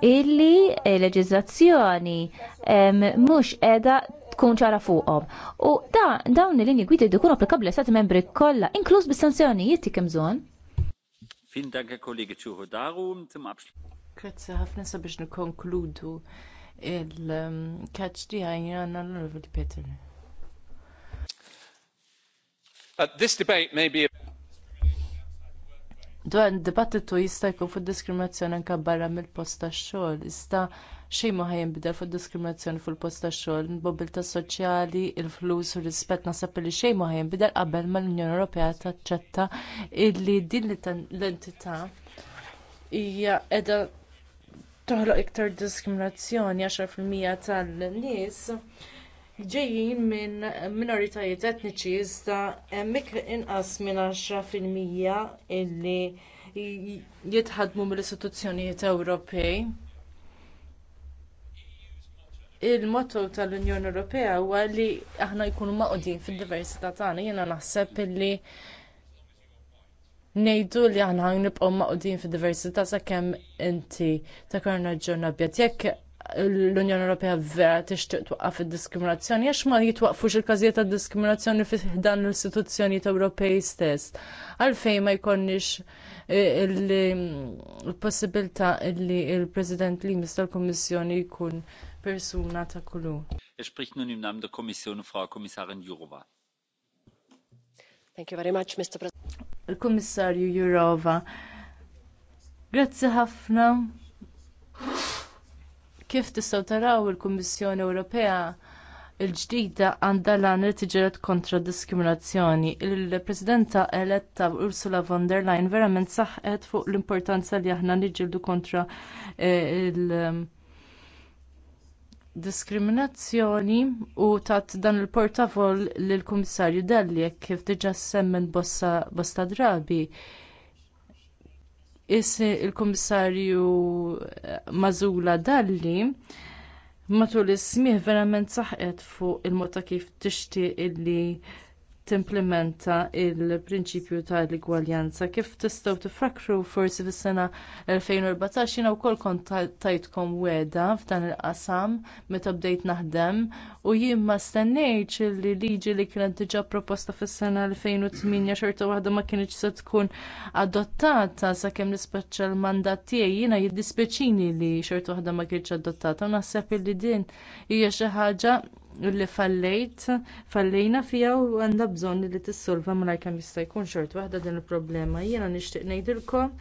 illi leġizlazzjoni mux edha tkun ċara fuqhom. U da dawn il-linji gwidi jkunu applikabbli stati membri kollha, inkluż bis sanzjoni kemm bżonn. Fin danke kollegi ċuħu daru tim Grazzi ħafna sabiex nikkonkludu il-catch um, di għajna l-Peter this debate may be dibattitu jista' jkun fuq diskriminazzjoni anke barra mill-post tax-xogħol, iżda xejn ma ħajinbidel fuq diskriminazzjoni fuq post tax-xogħol, mobilità soċjali, il-flus u rispett naħseb li xejn ma ħajinbidel qabel ma l-Unjoni Ewropea taċċetta illi din l-entità hija qiegħda toħloq iktar diskriminazzjoni 10% tal-nies ġejjin minn minoritajiet etniċi iżda hemmhekk inqas minn 10% illi jitħadmu mill-istituzzjonijiet Ewropej. Il-motto tal-Unjoni Ewropea huwa li aħna jkunu maqdin fid-diversità tagħna jiena naħseb illi Nejdu li aħna nibqgħu maqdin fid-diversità sakemm inti takarna ġurnabjat jekk l-Unjoni Ewropea vera tixtieq twaqqaf id-diskriminazzjoni għax ma jitwaqfux il-każijiet ta' diskriminazzjoni fi dan l-istituzzjonijiet Ewropej stess. Għalfejn ma jkollniex eh, il-possibilità li l-President li tal-Kummissjoni jkun persuna ta' kulu. Ispricht nun im Namen der Kommission Frau Kommissarin Jourova. Thank you very much, Mr. President. Il-Kummissarju Jourova. Grazzi ħafna Kif tistgħu taraw il-Kummissjoni Ewropea il-ġdida għandha lan li tiġret kontra d diskriminazzjoni. Il-Presidenta eletta Ursula von der Leyen verament saħqet fuq l-importanza li aħna niġġieldu kontra eh, il- diskriminazzjoni u tat dan il portafoll lill-Kummissarju Dalli kif diġà semmen bosta, bosta drabi il-Kummissarju eh, Mażula Dalli matul is smigħ verament saħqet fuq il-mod ta' kif tixtieq illi timplementa l prinċipju tal-igwaljanza. Kif tistgħu tifrakru forsi fis-sena 2014 jiena wkoll kont tajtkom weda f'dan il-qasam meta bdejt naħdem u jien ma stennejtx li liġi li kienet diġà proposta fis-sena 2008 xorta waħda ma kinitx se tkun adottata sakemm nispeċċa l-mandat tiegħi jiena jiddispjaċini li xorta waħda ma kienx adottata u naħseb li din hija xi ħaġa li fallejt, fallejna fiha u għandha bżonn li tissolva malaj kemm jista' jkun xort waħda din il-problema. Jiena nixtieq ngħidilkom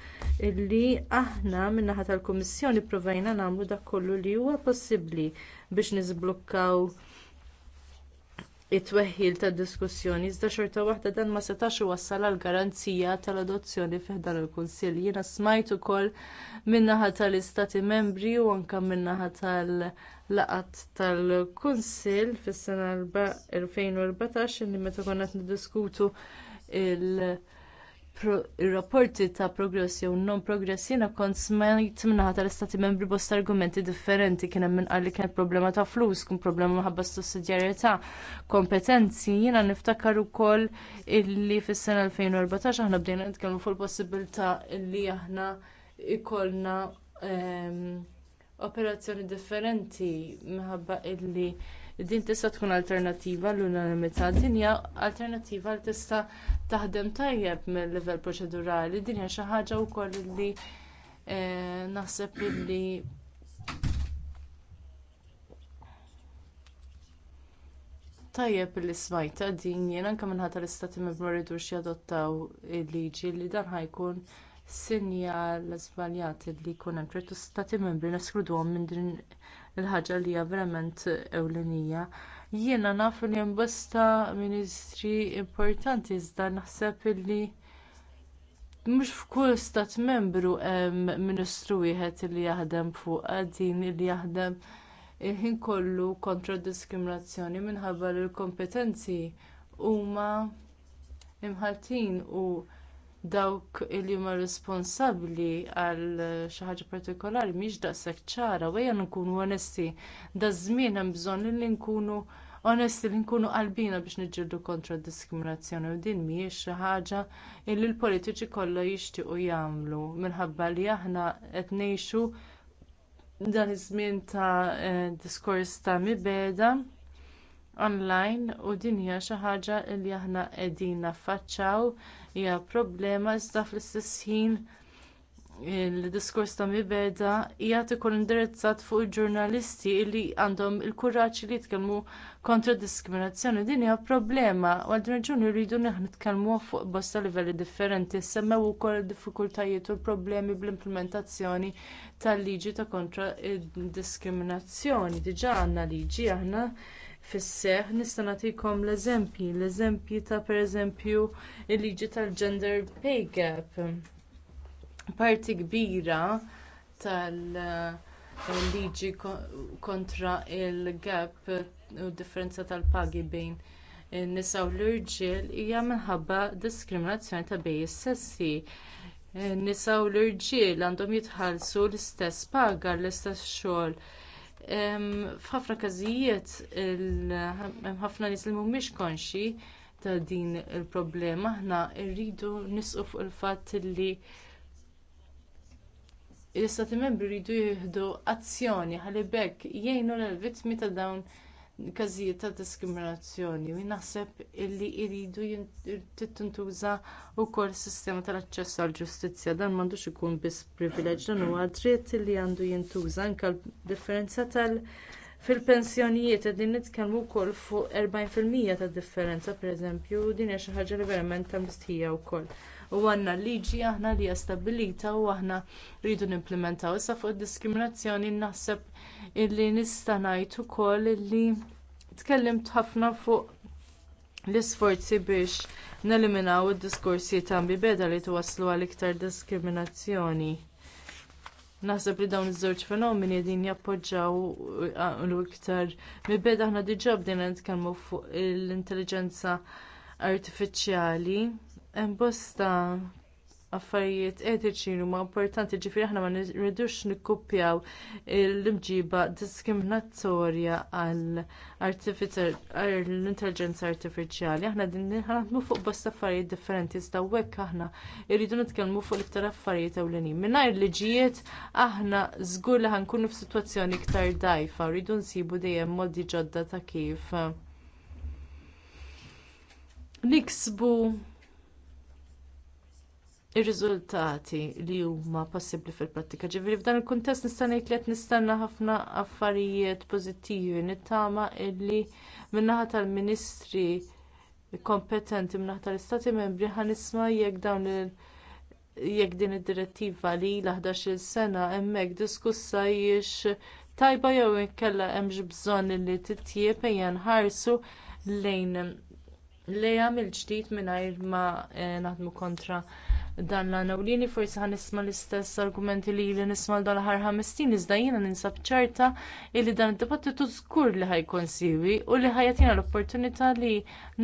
illi aħna min-naħa tal-Kummissjoni pprovajna nagħmlu dak kollu li huwa possibbli biex niżblukkaw it-tweħħil tad-diskussjoni iżda xorta waħda dan ma setax iwassal għal garanzija tal-adozzjoni fih dan il-kunsill jiena smajt ukoll min-naħa tal-istati membri u anke min-naħa tal-laqgħat tal-kunsill fis-sena 2014 li meta konna qed niddiskutu il- ir-rapporti ta' progress jew non progress jiena kont smajt minnaħa tal-istati membri bosta argumenti differenti kien hemm minqal li hemm problema ta' flus, kien problema minħabba sussidjarjetà, kompetenzi, jiena niftakar ukoll illi fis-sena 2014 aħna bdejna nitkellmu fuq il-possibilità li aħna ikollna ehm, operazzjoni differenti minħabba illi din tista' tkun alternattiva l-unanimità din hija alternattiva li tista' taħdem tajjeb mill-livell proċedurali din hija xi ħaġa wkoll li eh, naħseb li tajjeb li smajta din jien anke minħabba l-istati membri ma rridux jadottaw il-liġi li dan ħajkun sinjal żbaljat li jkun hemm ċertu stati membri neskluduhom minn din il-ħaġa li hija verament ewlenija. Jiena naf li hemm bosta ministri importanti iżda naħseb illi mhux f'kull stat membru hemm ministru wieħed li jaħdem fuq din li jaħdem il-ħin kollu kontra d diskriminazzjoni minħabba li l-kompetenzi huma imħaltin u dawk li huma responsabbli għal xi ħaġa partikolari mhix daqshekk ċara u ejja nkunu onesti. Da żmien hemm bżonn li nkunu onesti li nkunu qalbina biex niġġieldu kontra d diskriminazzjoni u din mhijiex xi ħaġa li l-politiċi kollha jixtiequ jagħmlu minħabba li aħna qed ngħixu dan iż-żmien ta' eh, diskors ta' mibeda online u din hija xi ħaġa li aħna qegħdin naffaċċjaw hija problema iżda fl-istess ħin il-diskors ta' mibeda jgħat ikun indirizzat fuq il-ġurnalisti li għandhom il-kuraġġ li jitkellmu kontra d diskriminazzjoni. Din hija problema u għal din raġuni rridu nitkellmu fuq bosta livelli differenti. Semmew ukoll id-diffikultajiet u l-problemi bl-implementazzjoni tal-liġi ta' kontra d diskriminazzjoni. Diġà għandna liġi aħna fis-seħħ nista' nagħtikom l-eżempji, l-eżempji ta' pereżempju il-liġi tal-gender pay gap. Parti kbira tal-liġi kontra l gap u differenza tal-pagi bejn in-nisa u l-irġiel hija minħabba diskriminazzjoni ta' bejn is-sessi. Nisa u l-irġiel għandhom jitħallsu l-istess paga l-istess xogħol F'ħafna każijiet hemm ħafna nies li mhumiex konxi ta' din il-problema aħna rridu nisqu fuq il-fatt li l-istati membri jridu jieħdu azzjoni ħalli bekk jgħinu l vittmi ta' dawn każijiet ta' diskriminazzjoni u naħseb illi jridu tintuża wkoll is-sistema tal-aċċess għall ġustizzja dan m'għandux ikun biss privileġġ dan huwa dritt li għandu jintuża anke differenza tal- fil-pensjonijiet qegħdin nitkellmu wkoll fuq 40% ta' differenza pereżempju din hija xi ħaġa li verament ta' mistħija wkoll u għandna liġi aħna li hija stabbilita u aħna rridu nimplementaw. Issa fuq id-diskriminazzjoni naħseb illi nista' ngħid ukoll illi tkellimt ħafna fuq l-isforzi biex neliminaw id-diskorsi ta' bibeda li twasslu għal iktar diskriminazzjoni. Naħseb li dawn iż-żewġ fenomeni din jappoġġaw l-iktar mibeda aħna diġà bdejna nitkellmu fuq l-intelligenza artifiċjali Hemm bosta affarijiet etiċi huma importanti ġifieri aħna ma nirridux nikkuppjaw l-imġiba diskriminatorja għall intelligenza artifiċjali. Aħna din naħdmu fuq bosta affarijiet differenti iżda hekk aħna rridu nitkellmu fuq l-iktar affarijiet ewlenin. Mingħajr liġijiet aħna żgur li ħankunu f'sitwazzjoni iktar dgħajfa, rridu nsibu dejjem modi ġodda ta' kif niksbu ir-riżultati li huma possibbli fil-prattika. Ġifieri f'dan il-kuntest nista' ngħid li qed nistenna ħafna affarijiet pożittivi nittama illi min-naħa tal-Ministri kompetenti min-naħa tal-Istati Membri nisma jekk dawn il- jekk din id-direttiva li l-11-il sena hemmhekk diskussa jiex tajba jew inkella hemmx bżonn li titjieb ejja nħarsu lejn lejha mill-ġdid mingħajr ma eh, naħdmu kontra dan l għana forsi ħan nisma l-istess argumenti li li nisma l-dal ħames iżda jiena ninsab ċerta li dan id-dibattitu żgur li ħajkun siwi u li ħajatina l-opportunità li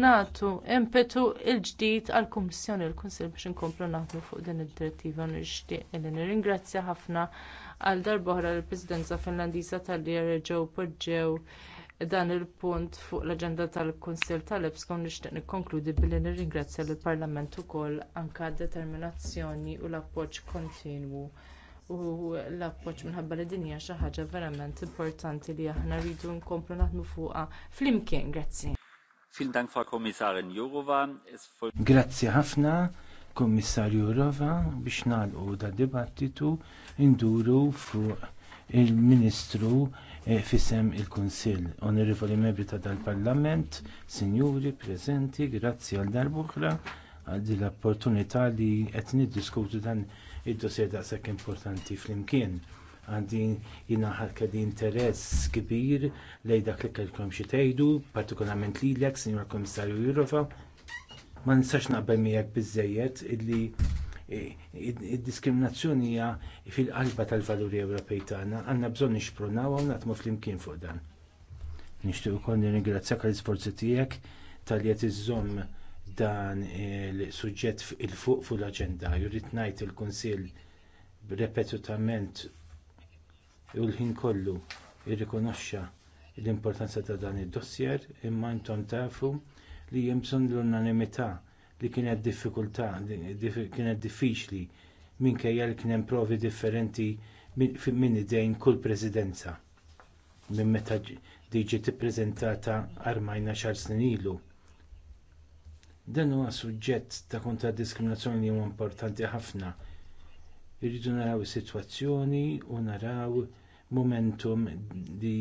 nagħtu impetu l-ġdid għall-Kummissjoni l-Kunsill biex inkomplu naħdmu fuq din id-direttiva nixtieq li nirringrazzja ħafna għal darba oħra lill presidenza Finlandiża tal-li jerġgħu poġġew dan il-punt fuq l-aġenda tal-kunsill tal-epsco nixtieq nikkonkludi billi nirringrazzja lill-parlament ukoll anke għad-determinazzjoni u l-appoġġ kontinwu u l-appoġġ minħabba li din hija xi ħaġa verament importanti li aħna rridu nkomplu naħdmu fuqha flimkien grazzi. Vielen Dank, Frau Kommissarin Jourova. Grazzi ħafna, Kommissarju Jourova, biex nagħlqu da dibattitu induru fuq il-Ministru E, fissem il-Kunsill. Onorevoli membri ta' dal-Parlament, sinjuri preżenti, grazzi għal darbuħra għal din l-opportunità li qed niddiskutu dan id-dossier daqshekk importanti flimkien. Għandi jina ħalka di interess kbir lejn dak li kellkom xi tgħidu, partikolarment lilek, Sinjur Komissarju Jurofa, ma nistax naqbel miegħek biżżejjed illi id-diskriminazzjoni hija fil-qalba tal-valuri Ewropej tagħna, għandna bżonn nixprunaw u nagħtmu flimkien fuq dan. Nixtieq ukoll nirringrazzjak għall isforzi tiegħek tal jet iżżomm dan il-suġġett il-fuq fuq l-aġenda. Jrid ngħid il-Kunsill repetutament u l-ħin kollu jirrikonoxxa l-importanza ta' dan id-dossier imma intom tafu li hemm bżonn l-unanimità li kienet diffikultà, kienet diffiċli minkejja li kien hemm provi differenti minn idejn kull presidenza minn meta diġi tippreżentata armajna xar snin ilu. Dan huwa suġġett ta' kontra diskriminazzjoni li huwa importanti ħafna. Irridu naraw sitwazzjoni u naraw momentum li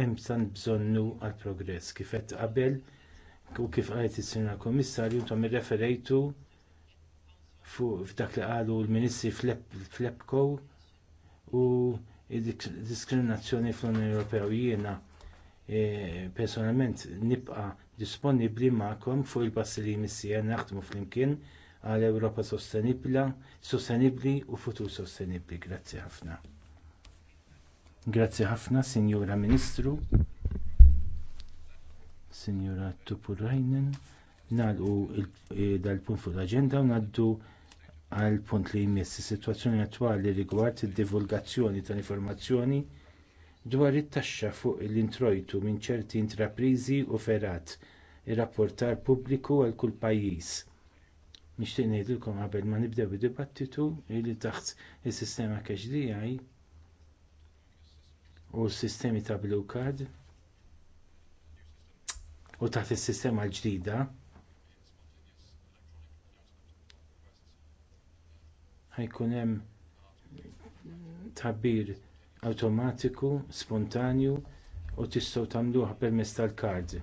hemm bżonnu għall progress kif qed qabel u kif għajt il-Sinjora Kommissarju tom referejtu f'dak li qalu l-Ministri fl-EPCO u diskriminazzjoni fl-Unjoni Ewropea u jiena e, personalment nibqa disponibbli magħkom fuq il-passi li jmissija naħdmu flimkien għal Ewropa sostenibbli u futur sostenibbli. Grazzi ħafna. Grazzi ħafna, Sinjura Ministru. Sinjura Tupurajnen, nagħlqu eh, dal-punt fuq l-aġenda u ngħaddu għal punt li jmiss is-sitwazzjoni attwali rigward id-divulgazzjoni ta' informazzjoni dwar it-taxxa fuq l-introjtu minn ċerti intrapriżi u ferat ir-rapportar pubbliku għal kull pajjiż. Nixtieq ngħidilkom qabel ma nibdew id-dibattitu li taħt is-sistema cash DI u s-sistemi ta' Blue Card u taħt is-sistema l-ġdida ħajkun hemm tabbir awtomatiku spontanju u tistgħu tagħmluha permezz tal-kard.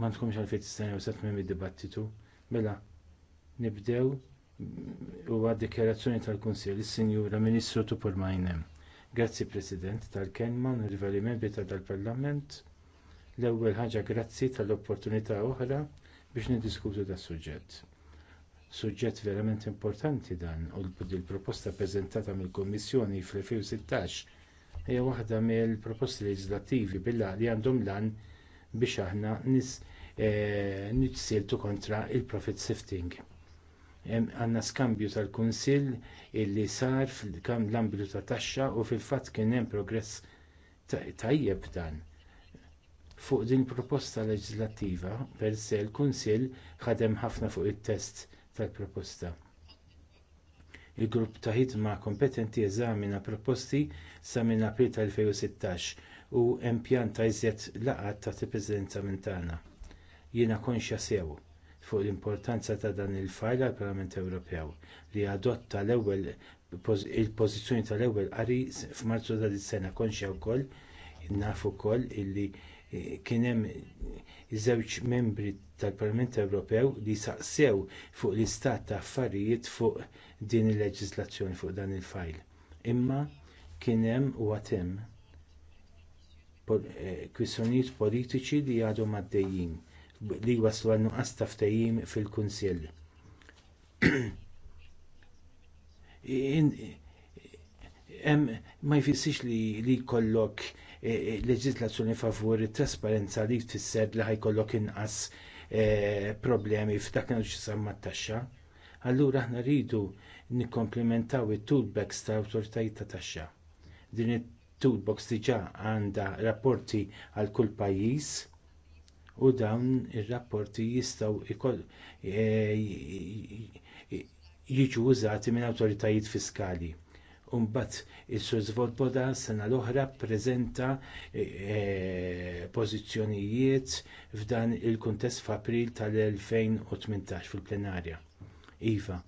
Ma tkunx għalfejn tistennew sa tmiem id-dibattitu. Mela, nibdew huwa d-dikjarazzjoni tal-Kunsill is-Sinjura Ministru Tupur Majnem. Grazzi President tal kenman u rivalimenti tal-Parlament. L-ewwel ħaġa grazzi tal-opportunità oħra biex niddiskutu da' suġġett. Suġġett verament importanti dan u l-proposta preżentata mill-Kommissjoni fl-2016 hija waħda mill-proposti leġislattivi billa li għandhom lan biex aħna nis e, nitsiltu kontra il-profit shifting. Għanna skambju tal-Kunsill illi sar fil-kam l-ambitu ta' taxxa u fil-fatt kien hemm progress tajjeb dan fuq din il-proposta leġislattiva peress il-kunsill ħadem ħafna fuq it-test tal-proposta il-grupp ta' ħidma kompetenti eżamina proposti sa minn april tal-2016 u impjanta iżjed laqgħat ta' tippreżenza minn tagħna. Jiena konxja sew fuq l-importanza ta' dan il-fajl għall-Parlament Ewropew li adotta l-ewwel il-pożizzjoni tal-ewwel qari f'Marzu ta' dis-sena konxja wkoll nafu wkoll illi Eh, kien hemm żewġ membri tal-Parlament Ewropew li saqsew fuq l-istat ta' affarijiet fuq din il-leġiżlazzjoni fuq dan il-fajl. Imma kien hemm u hemm eh, kwistjonijiet politiċi li għadhom għaddejjin li waslu għal nuqqas ta' ftehim fil-Kunsill. Eh, ma jfissirx li jkollok leġislazzjoni favur it trasparenza li tfisser li ħajkollok inqas eh, problemi f'dak li mat taxxa. Allura aħna rridu nikkomplimentaw it-toolbox ta' awtoritajiet ta' taxxa. Din it-toolbox diġà għandha rapporti għal kull pajjiż u dawn ir-rapporti jistgħu eh, jiġu użati minn awtoritajiet fiskali. Umbat, il-Sur Zvolboda sena l-oħra ppreżenta eh, eh, pożizzjonijiet f'dan il-kuntest f'April tal-2018 fil-plenarja. Iva,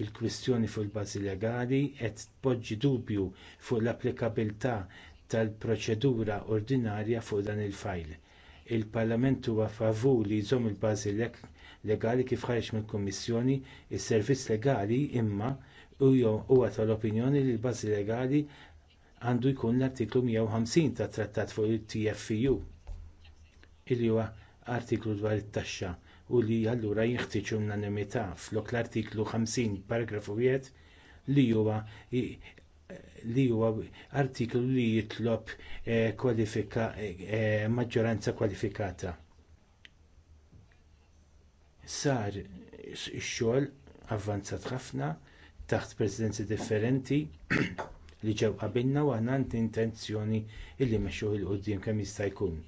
il-kwistjoni fuq il-bażi legali qed tpoġġi dubju fuq l-applikabilità tal-proċedura ordinarja fuq dan il-fajl. Il-Parlament huwa favur li jżomm il-bażi legali kif ħareġ mill-Kummissjoni, is-servizz legali imma u huwa tal-opinjoni li l-bażi legali għandu jkun l-artiklu 150 tat trattat fuq it-TFU il huwa artiklu dwar it-taxxa u li allura jinħtieġ unanimità flok l-artiklu 50 paragrafu 1 li huwa li huwa artiklu li jitlob eh, kwalifika, eh, maġġoranza kwalifikata. Sar ix-xogħol avvanzat ħafna taħt presidenzi differenti li ġew qabilna u għandna intenzjoni illi mexxuh il quddiem kemm jista' jkun.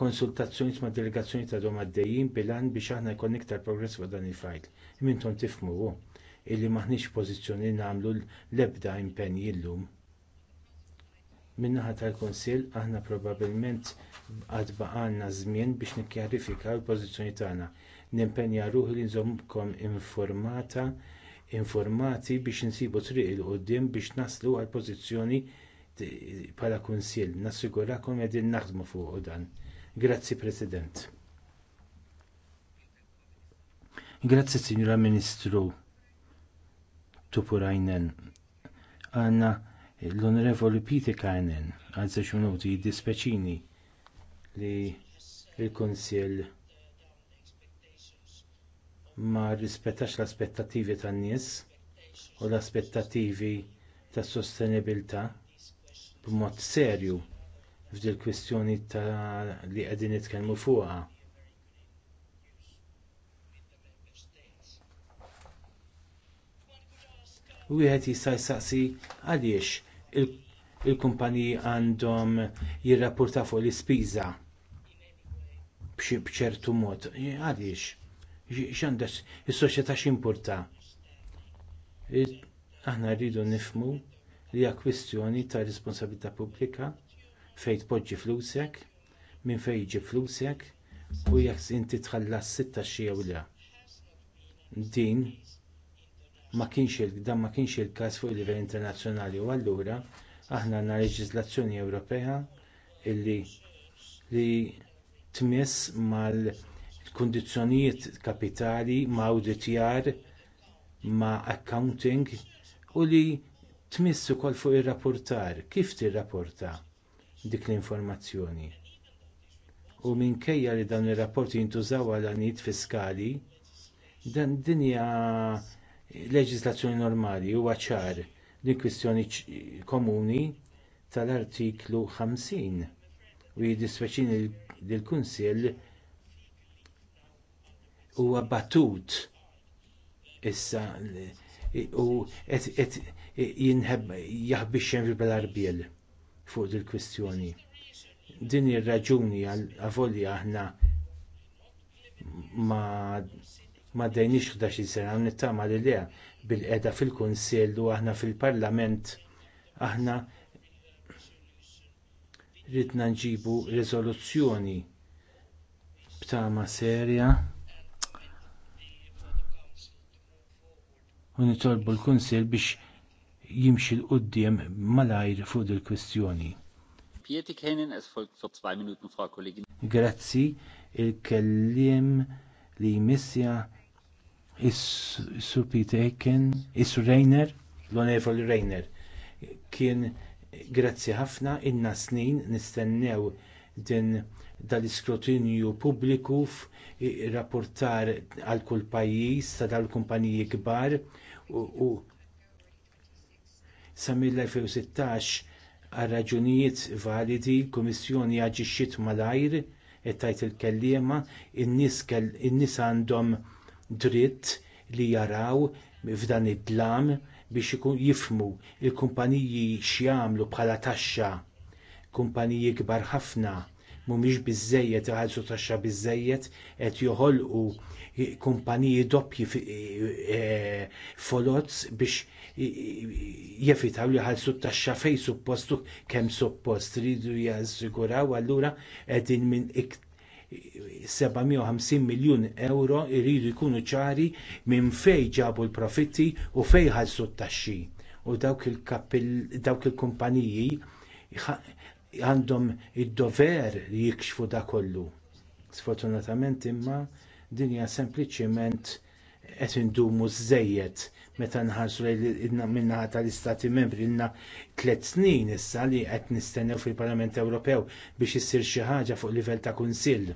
Konsultazzjoni ma' delegazzjoni ta' dom għaddejjin bilan biex aħna jkun iktar progress fuq dan il-fajl. Mintom tifhmu hu illi maħniex pożizzjoni nagħmlu l-ebda impenji llum. Min-naħa tal-Kunsill aħna probabbilment għad għandna żmien biex nikkjarifikaw il-pożizzjoni tagħna. Nimpenja ruħi li nżommkom informata informati biex insibu triq il quddiem biex naslu għal pożizzjoni bħala kunsill. Nassigurakom qegħdin naħdmu fuq dan. Grazzi President. Grazzi Signora Ministru Tupurajnen. Għanna l-Onorevoli Peter Kajnen għal minuti dispeċini li il-Konsil ma rrispettax l-aspettattivi tan-nies u l-aspettattivi tas-sostenibilità b'mod serju f'dil kwistjoni li qegħdin nitkellmu fuqha. Wieħed jista' jsaqsi għaliex il-kumpaniji għandhom jirrapporta fuq l-ispiża b'ċertu mod. Għaliex? x'għandex is soċieta x'importa. Aħna rridu nifhmu li għak kwistjoni ta' responsabilità pubblika fejn tpoġġi flusek, minn fej jiġi flusek u jekk inti tħallas sitta xi jew Din ma kienx dan ma kienx il-każ fuq il-livell internazzjonali u allura aħna għandna leġiżlazzjoni Ewropea illi li tmiss mal kundizzjonijiet kapitali ma' awditjar ma' accounting u li tmiss ukoll fuq ir-rappurtar kif tirrapporta dik l-informazzjoni. U minkejja li dawn ir-rapporti jintużaw għal anijiet fiskali, dan dinja leġiżlazzjoni normali huwa ċar li kwistjoni komuni tal-artiklu 50 u jiddisfeċini lill kunsill huwa batut issa u qed jinħeb jaħbixxen fil-bel fuq il kwistjoni Din ir-raġuni għal-avolja aħna ma ma dejniex 11 sena nittama li le bil-qeda fil-Kunsill u aħna fil-Parlament aħna ridna nġibu riżoluzzjoni b'tama serja u nitolbu l-Kunsill biex jimxi l qudiem malajr fuq il kwistjoni Grazzi il-kellim li jmissja is-Sur il-Surrejner, l onevol Rejner, kien grazzi ħafna inna snin nistennew din dal-iskrutinju pubbliku f'rapportar għal kull pajjiż ta' dal kumpaniji kbar u, sa mill-2016 għal raġunijiet validi l-Kummissjoni aġixxiet malajr qed tgħid il-kelliema in-nies għandhom dritt li jaraw f'dan id-dlam biex jifhmu l kumpaniji x'jagħmlu bħala taxxa kumpaniji kbar ħafna mhumiex biżżejjed iħallsu taxxa biżżejjed qed joħolqu kumpaniji doppji e, folozz biex jevitaw li ħalsu taxxa fejn suppostu kemm suppost ridu jassiguraw allura qegħdin minn 750 miljun euro jridu jkunu ċari minn fejn ġabu l-profitti u fejn ħallsu t-taxxi. U dawk il-kumpaniji għandhom id-dover li jikxfu da kollu. Sfortunatament imma dinja hija sempliċement qed indumu żejjed meta nħarsu minnaħa tal-Istati Membri ilna tliet snin issa li qed nistennew fil-Parlament Ewropew biex issir xi ħaġa fuq livell ta' kunsill.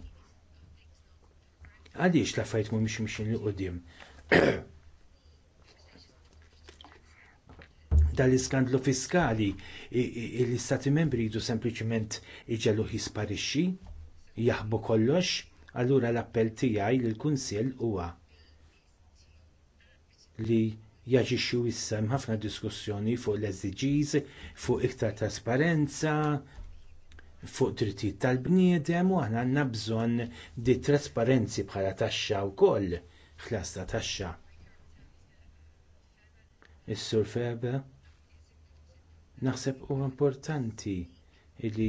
Għaliex l fajt mhumiex mixin li qudiem. dal-iskandlu fiskali l-istati membri jridu sempliċement iġellu jisparixxi, jaħbu kollox, allura l-appell tiegħi lill kunsill huwa li jaġixxu issa hemm ħafna diskussjoni fuq l-SDGs, fuq iktar trasparenza, fuq drittijiet tal-bniedem u aħna għandna bżonn di trasparenzi bħala taxxa wkoll ħlas ta' taxxa. Is-Sur Feber Naħseb huwa importanti li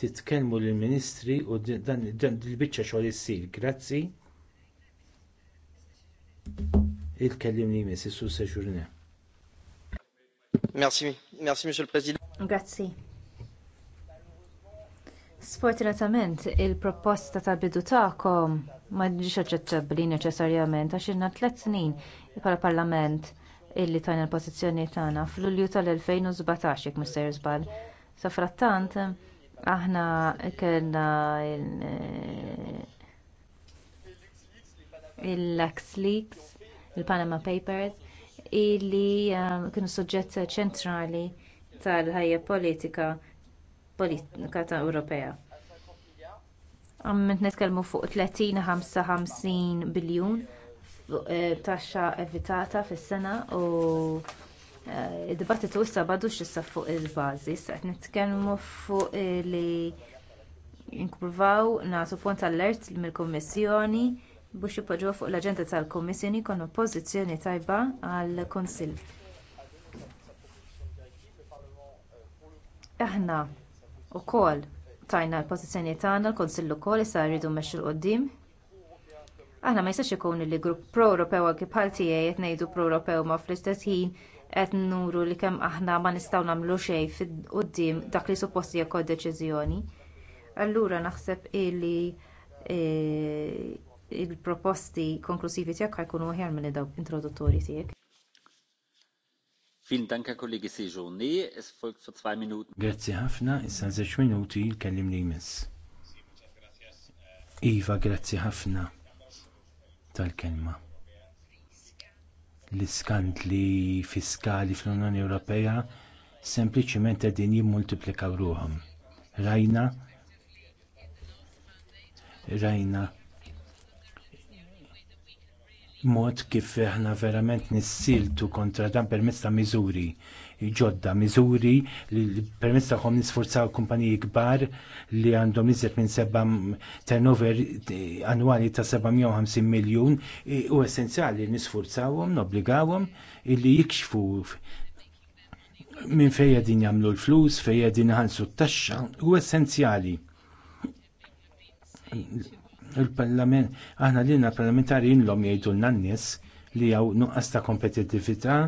titkellmu lill ministri u dan il-biċċa xogħol issir. Grazzi. il li jmiss is-sur Merci, merci, Monsieur le Président. Grazzi. Sfortunatament, il-proposta ta' bidu tagħkom ma ġiex aċċettabbli neċessarjament għax inna tliet snin bħala parlament illi tajna l-pożizzjoni tagħna f'Lulju tal-2017 jekk Mr. Żball. Sa frattant aħna kellna il-Lex Leaks, il-Panama Papers, illi eh, kienu suġġett ċentrali tal-ħajja politika politika ta' Ewropea. Għamment netkelmu fuq 30-55 biljun Eh, taxxa evitata fis-sena u eh, id-dibattitu issa m'għadux issa fuq il-bażi, issa qed nitkellmu fuq li nkurvaw nagħtu punt allert mill-Kummissjoni biex jipoġġu fuq l-aġenda tal-Kummissjoni konu pożizzjoni tajba għall-Kunsill. Aħna wkoll tajna l-pożizzjoni tagħna l-Kunsill ukoll issa jridu mmexxu l-qudiem Aħna ma jistax ikun li grupp pro-Ewropew għal bħal tiegħi qed ngħidu pro-Ewropew ma fl-istess ħin qed nuru li kemm aħna ma nistgħu nagħmlu xejn fid-qudiem dak li suppost hija deċiżjoni. Allura naħseb illi e, il-proposti konklusivi tiegħek ħajkunu aħjar minn dawk introduttori tiegħek. Vielen Dank, Herr Kollege Sejourné. Es folgt für zwei Minuten. Grazie ħafna, issa żewġ minuti kellim li jmiss. Iva, grazzi ħafna tal-kelma. L-iskandli fiskali fl-Unjoni Ewropea sempliċiment qegħdin jimmultiplikaw ruhom. Rajna rajna mod kif aħna verament nissieltu kontra dan permezz ta' miżuri ġodda, miżuri li permezz tagħhom nisforzaw kumpaniji kbar li għandhom iżjed minn seba turnover annwali ta' 750 miljun u essenzjali nisforzawhom, nobbligawhom illi jikxfu minn fejn din jagħmlu l-flus, fejn din ħansu t-taxxa, u essenzjali. Il-parlament, aħna l-parlamentari inlom jgħidu l-nannis li għaw nuqqas ta' kompetitivita'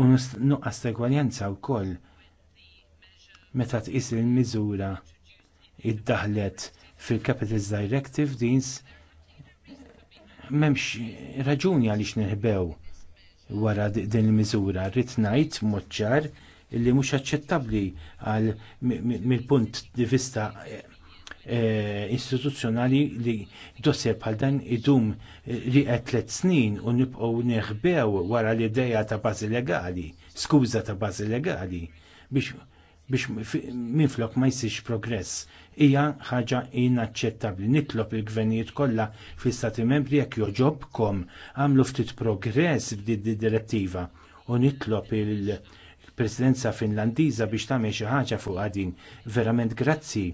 u nuqqas segwaljenza wkoll meta tqis il-miżura iddaħlet fil-Capitals Directive din m'hemmx raġuni għaliex nirbew wara din il-miżura. Rrid ngħid b'mod ċar li mhux aċċettabbli għal mill-punt di vista Eh, istituzzjonali li dossier bħal dan idum eh, li qed tliet snin u nibqgħu neħbew wara l-idea ta' bażi legali, skuża ta' bażi legali biex biex minflok ma jsirx progress. Hija ħaġa inaċċettabbli. Nitlob il-gvernijiet kollha fl-Istati Membri jekk joġobkom għamlu ftit progress f'din direttiva u nitlob il- presidenza Finlandiża biex tagħmel xi ħaġa fuq din. Verament grazzi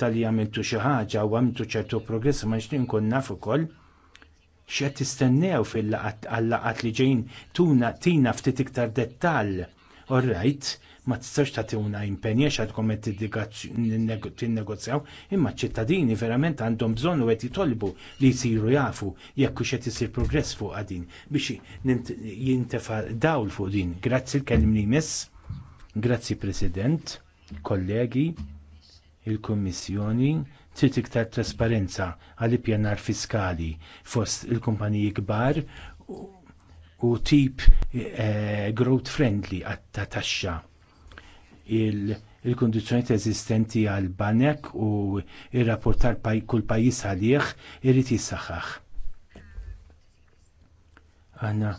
tal-li għamiltu xi ħaġa u għamiltu ċertu progress ma nixtieq inkun naf ukoll x'qed tistennew fil-laqat li ġejjin tuna tina ftit iktar dettall. Orrajt, ma tistax tagħtuna impenja x'għadkom qed tinnegozjaw, imma ċ-ċittadini verament għandhom bżonn u qed jitolbu li jsiru jafu jekk hux qed isir progress fuq din biex jintefa' dawl fuq din. Grazzi l-kellimni miss. Grazzi President, kollegi il-Kummissjoni trid iktar trasparenza għall ippjanar fiskali fost il-kumpaniji kbar u tip eh, growth friendly ta' taxxa. Il-kundizzjonijiet eżistenti għall banek u r rapportar kull pajjiż għalih irid jissaħħaħ. Aħna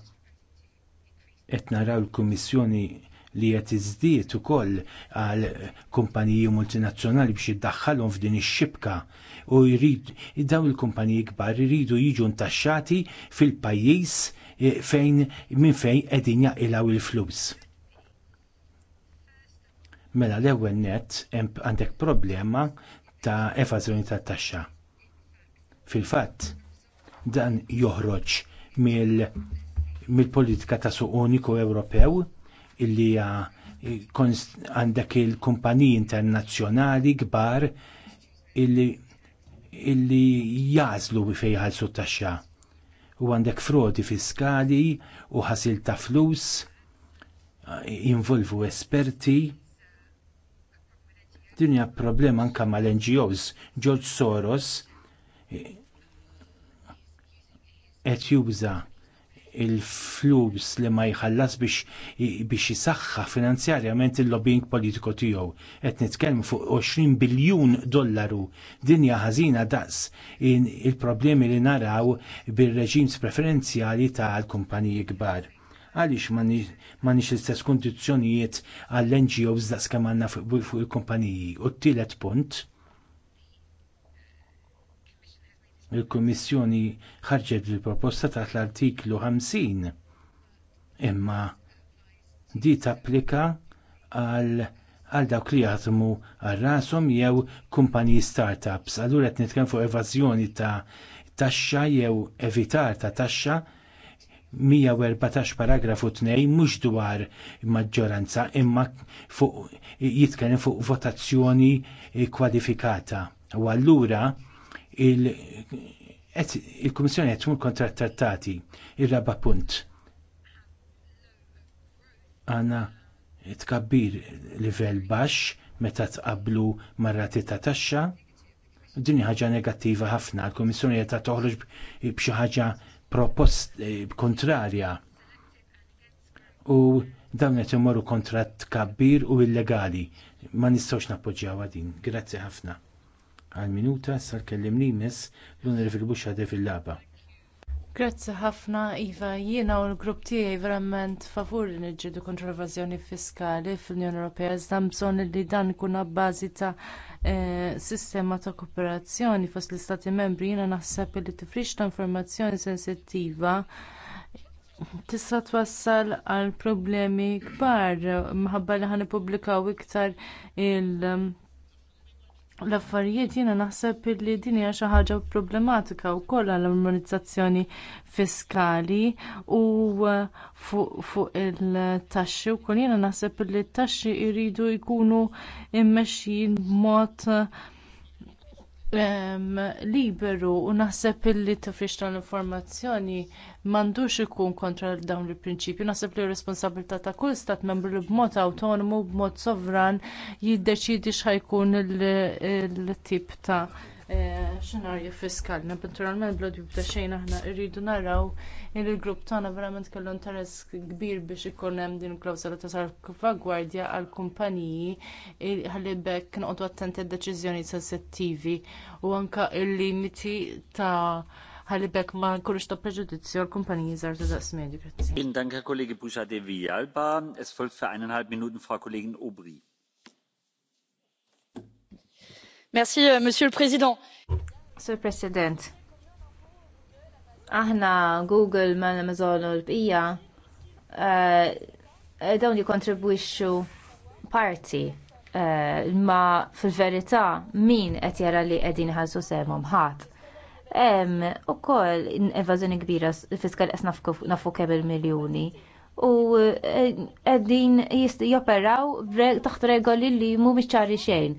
qed naraw il-Kummissjoni li qed iżdied ukoll għal kumpaniji multinazzjonali biex jiddaħħalhom f'din ix-xibka u jrid dawn il-kumpaniji kbar iridu jiġu ntaxxati fil-pajjiż e, fejn minn fejn qegħdin jaqilgħu il-flus. Mela l-ewwel nett għandek problema ta' evażjoni tat-taxxa. Fil-fatt dan joħroġ mill-politika ta' suq uniku Ewropew illi għandek il-kumpaniji internazzjonali kbar illi illi jazlu fej ħalsu taxxa. U għandek frodi fiskali u ħasil ta' flus involvu esperti din hija problema anke mal-NGOs. George Soros eh, qed juża il-flus li ma jħallas biex, biex jisaxħa finanzjarjament il-lobbying politiku tiegħu. Qed nitkellmu fuq 20 biljun dollaru dinja ħażina daqs il-problemi li naraw bir-reġims preferenzjali tal-kumpaniji kbar. Għaliex ma nix l-istess kundizzjonijiet għall-NGOs daqs kemm għandna fuq il-kumpaniji. U t-tielet punt il-Kummissjoni ħarġet il-proposta taħt l-artiklu 50 imma di tapplika għal għal dawk li jaħdmu għal rashom jew kumpaniji startups. Allura qed nitkellem fuq evażjoni ta' taxxa jew evitar ta' taxxa 114 paragrafu 2 mhux dwar maġġoranza imma fuq jitkellem fuq votazzjoni kwalifikata. U allura il-Kummissjoni qed tmur kontra trattati ir-raba' punt. Għandna tkabbir livell baxx meta tqabblu marrati ta' taxxa. Din ħaġa negattiva ħafna, l-Kummissjoni qed toħroġ b'xi ħaġa propost eh, kontrarja. U dawn qed immorru kontratt kabbir u illegali. Ma nistgħux nappoġġjaw din. Grazzi ħafna għal minuta sar kellim nimes l-onorevoli Buxade fil-laba. Grazzi ħafna Iva, jiena u l-grupp tiegħi verament favur li niġġieldu kontra l-evażjoni fiskali fl-Unjoni Ewropea iżda bżonn li dan ikun abbażi ta' eh, sistema ta' kooperazzjoni fost l-Istati Membri jiena naħseb li tifrix ta' informazzjoni sensittiva tista' twassal għal problemi kbar minħabba li ħan iktar il- l-affarijiet jiena naħseb li din hija xi ħaġa problematika wkoll għall armonizzazzjoni fiskali u uh, fuq il-taxxi wkoll jiena naħseb li t-taxxi jridu jkunu mmexxijin b'mod liberu u naħseb illi tifrix tal-informazzjoni m'għandux ikun kontra dawn il-prinċipju. Naħseb li r-responsabilità ta' kull stat membru li b'mod autonomu, b'mod sovran jiddeċiedi x'ħajkun il-tip ta' xenarju fiskali. Naturalment blod jibda xejn aħna rridu naraw li l grupp tagħna verament kellu interess kbir biex ikun hemm din klawsola ta' salvagwardja għal kumpaniji ħalli bekk noqgħdu attenti d-deċiżjoni sensittivi u anke il-limiti ta' ħalli bekk ma nkunux ta' preġudizzju għal kumpaniji żgħar ta' daqs medju. kollegi Buxa Devija, alba es folgt für eineinhalb Minuten Kollegin Obri. Euh, Sir President, aħna Google, mal Amazon u l bija eh, eh, dawn jikontribwixxu parti eh, ma fil-verità min qed jara li qegħdin iħallsu semhom ħadd. Hemm ukoll evażjoni kbira fiskal qed nafu kemm il-miljuni u qegħdin joperaw taħt regoli li mhumiex ċari xejn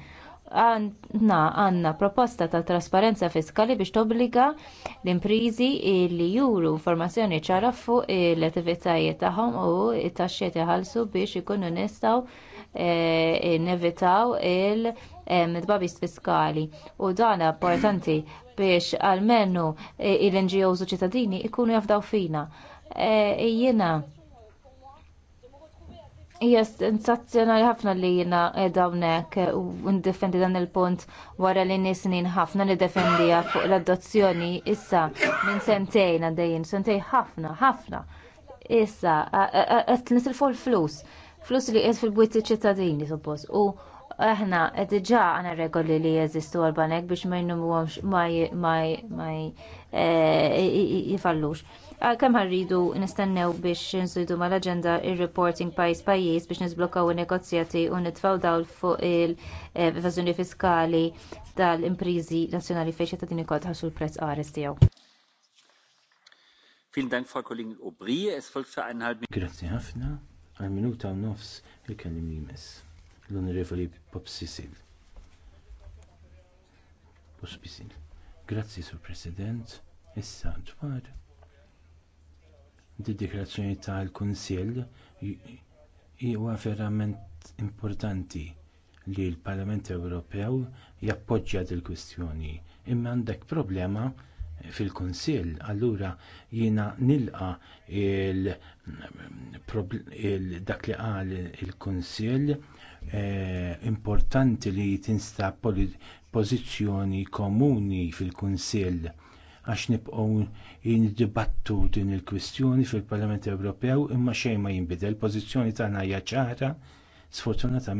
għandna għandna proposta ta' trasparenza fiskali biex tobbliga l-imprizi li juru informazzjoni ċara fuq l-attivitajiet tagħhom u t-taxxiet iħallsu biex ikunu nistgħu eh, nevitaw il-tbabis eh, fiskali u dan importanti biex għalmenu eh, l ngos u ċittadini jkunu jafdaw fina. Yes, sensazzjonali ħafna li jina dawnek u ndifendi dan il-punt wara li nies ħafna li defendija fuq l-adozzjoni issa minn sentejn għaddejjin, sentej ħafna ħafna. Issa qed fuq l-flus, flus li qiegħed fil-bwiet ċittadini suppos. u aħna qed diġà għana regoli li jeżistu għal banek biex ma jnumhomx ma eh, jifallux Ah, kemm ħarridu nistennew biex nżidu mal-aġenda ir-reporting pajjiż pajjiż biex niżblokkaw in-negozjati u nitfgħu dawl fuq il-evażjoni fiskali tal-impriżi nazzjonali fejn din kol tħassu l-prezz qares tiegħu. Vielen Dank, Frau Kollegin Aubry. Es folgt für eineinhalb Minuten. Grazie, Hafna. Ein Minuta und nofs, il kellim jimes. L-Onorevoli Pop Sisil. Pop Sisil. Grazie, Sur President. Issa dwar di dikrazzjoni tal-Kunsill huwa verament importanti li l-Parlament Ewropew jappoġġja din il-kwistjoni. Imma għandek problema fil-Kunsill, allura jiena nilqa dak li qal il-Kunsill eh, importanti li tinstab pożizzjoni komuni fil-Kunsill għax nibqgħu jindibattu din il-kwistjoni fil-Parlament Ewropew imma xejn ma jinbidel, pożizzjoni tagħna hija ċara sfortunatament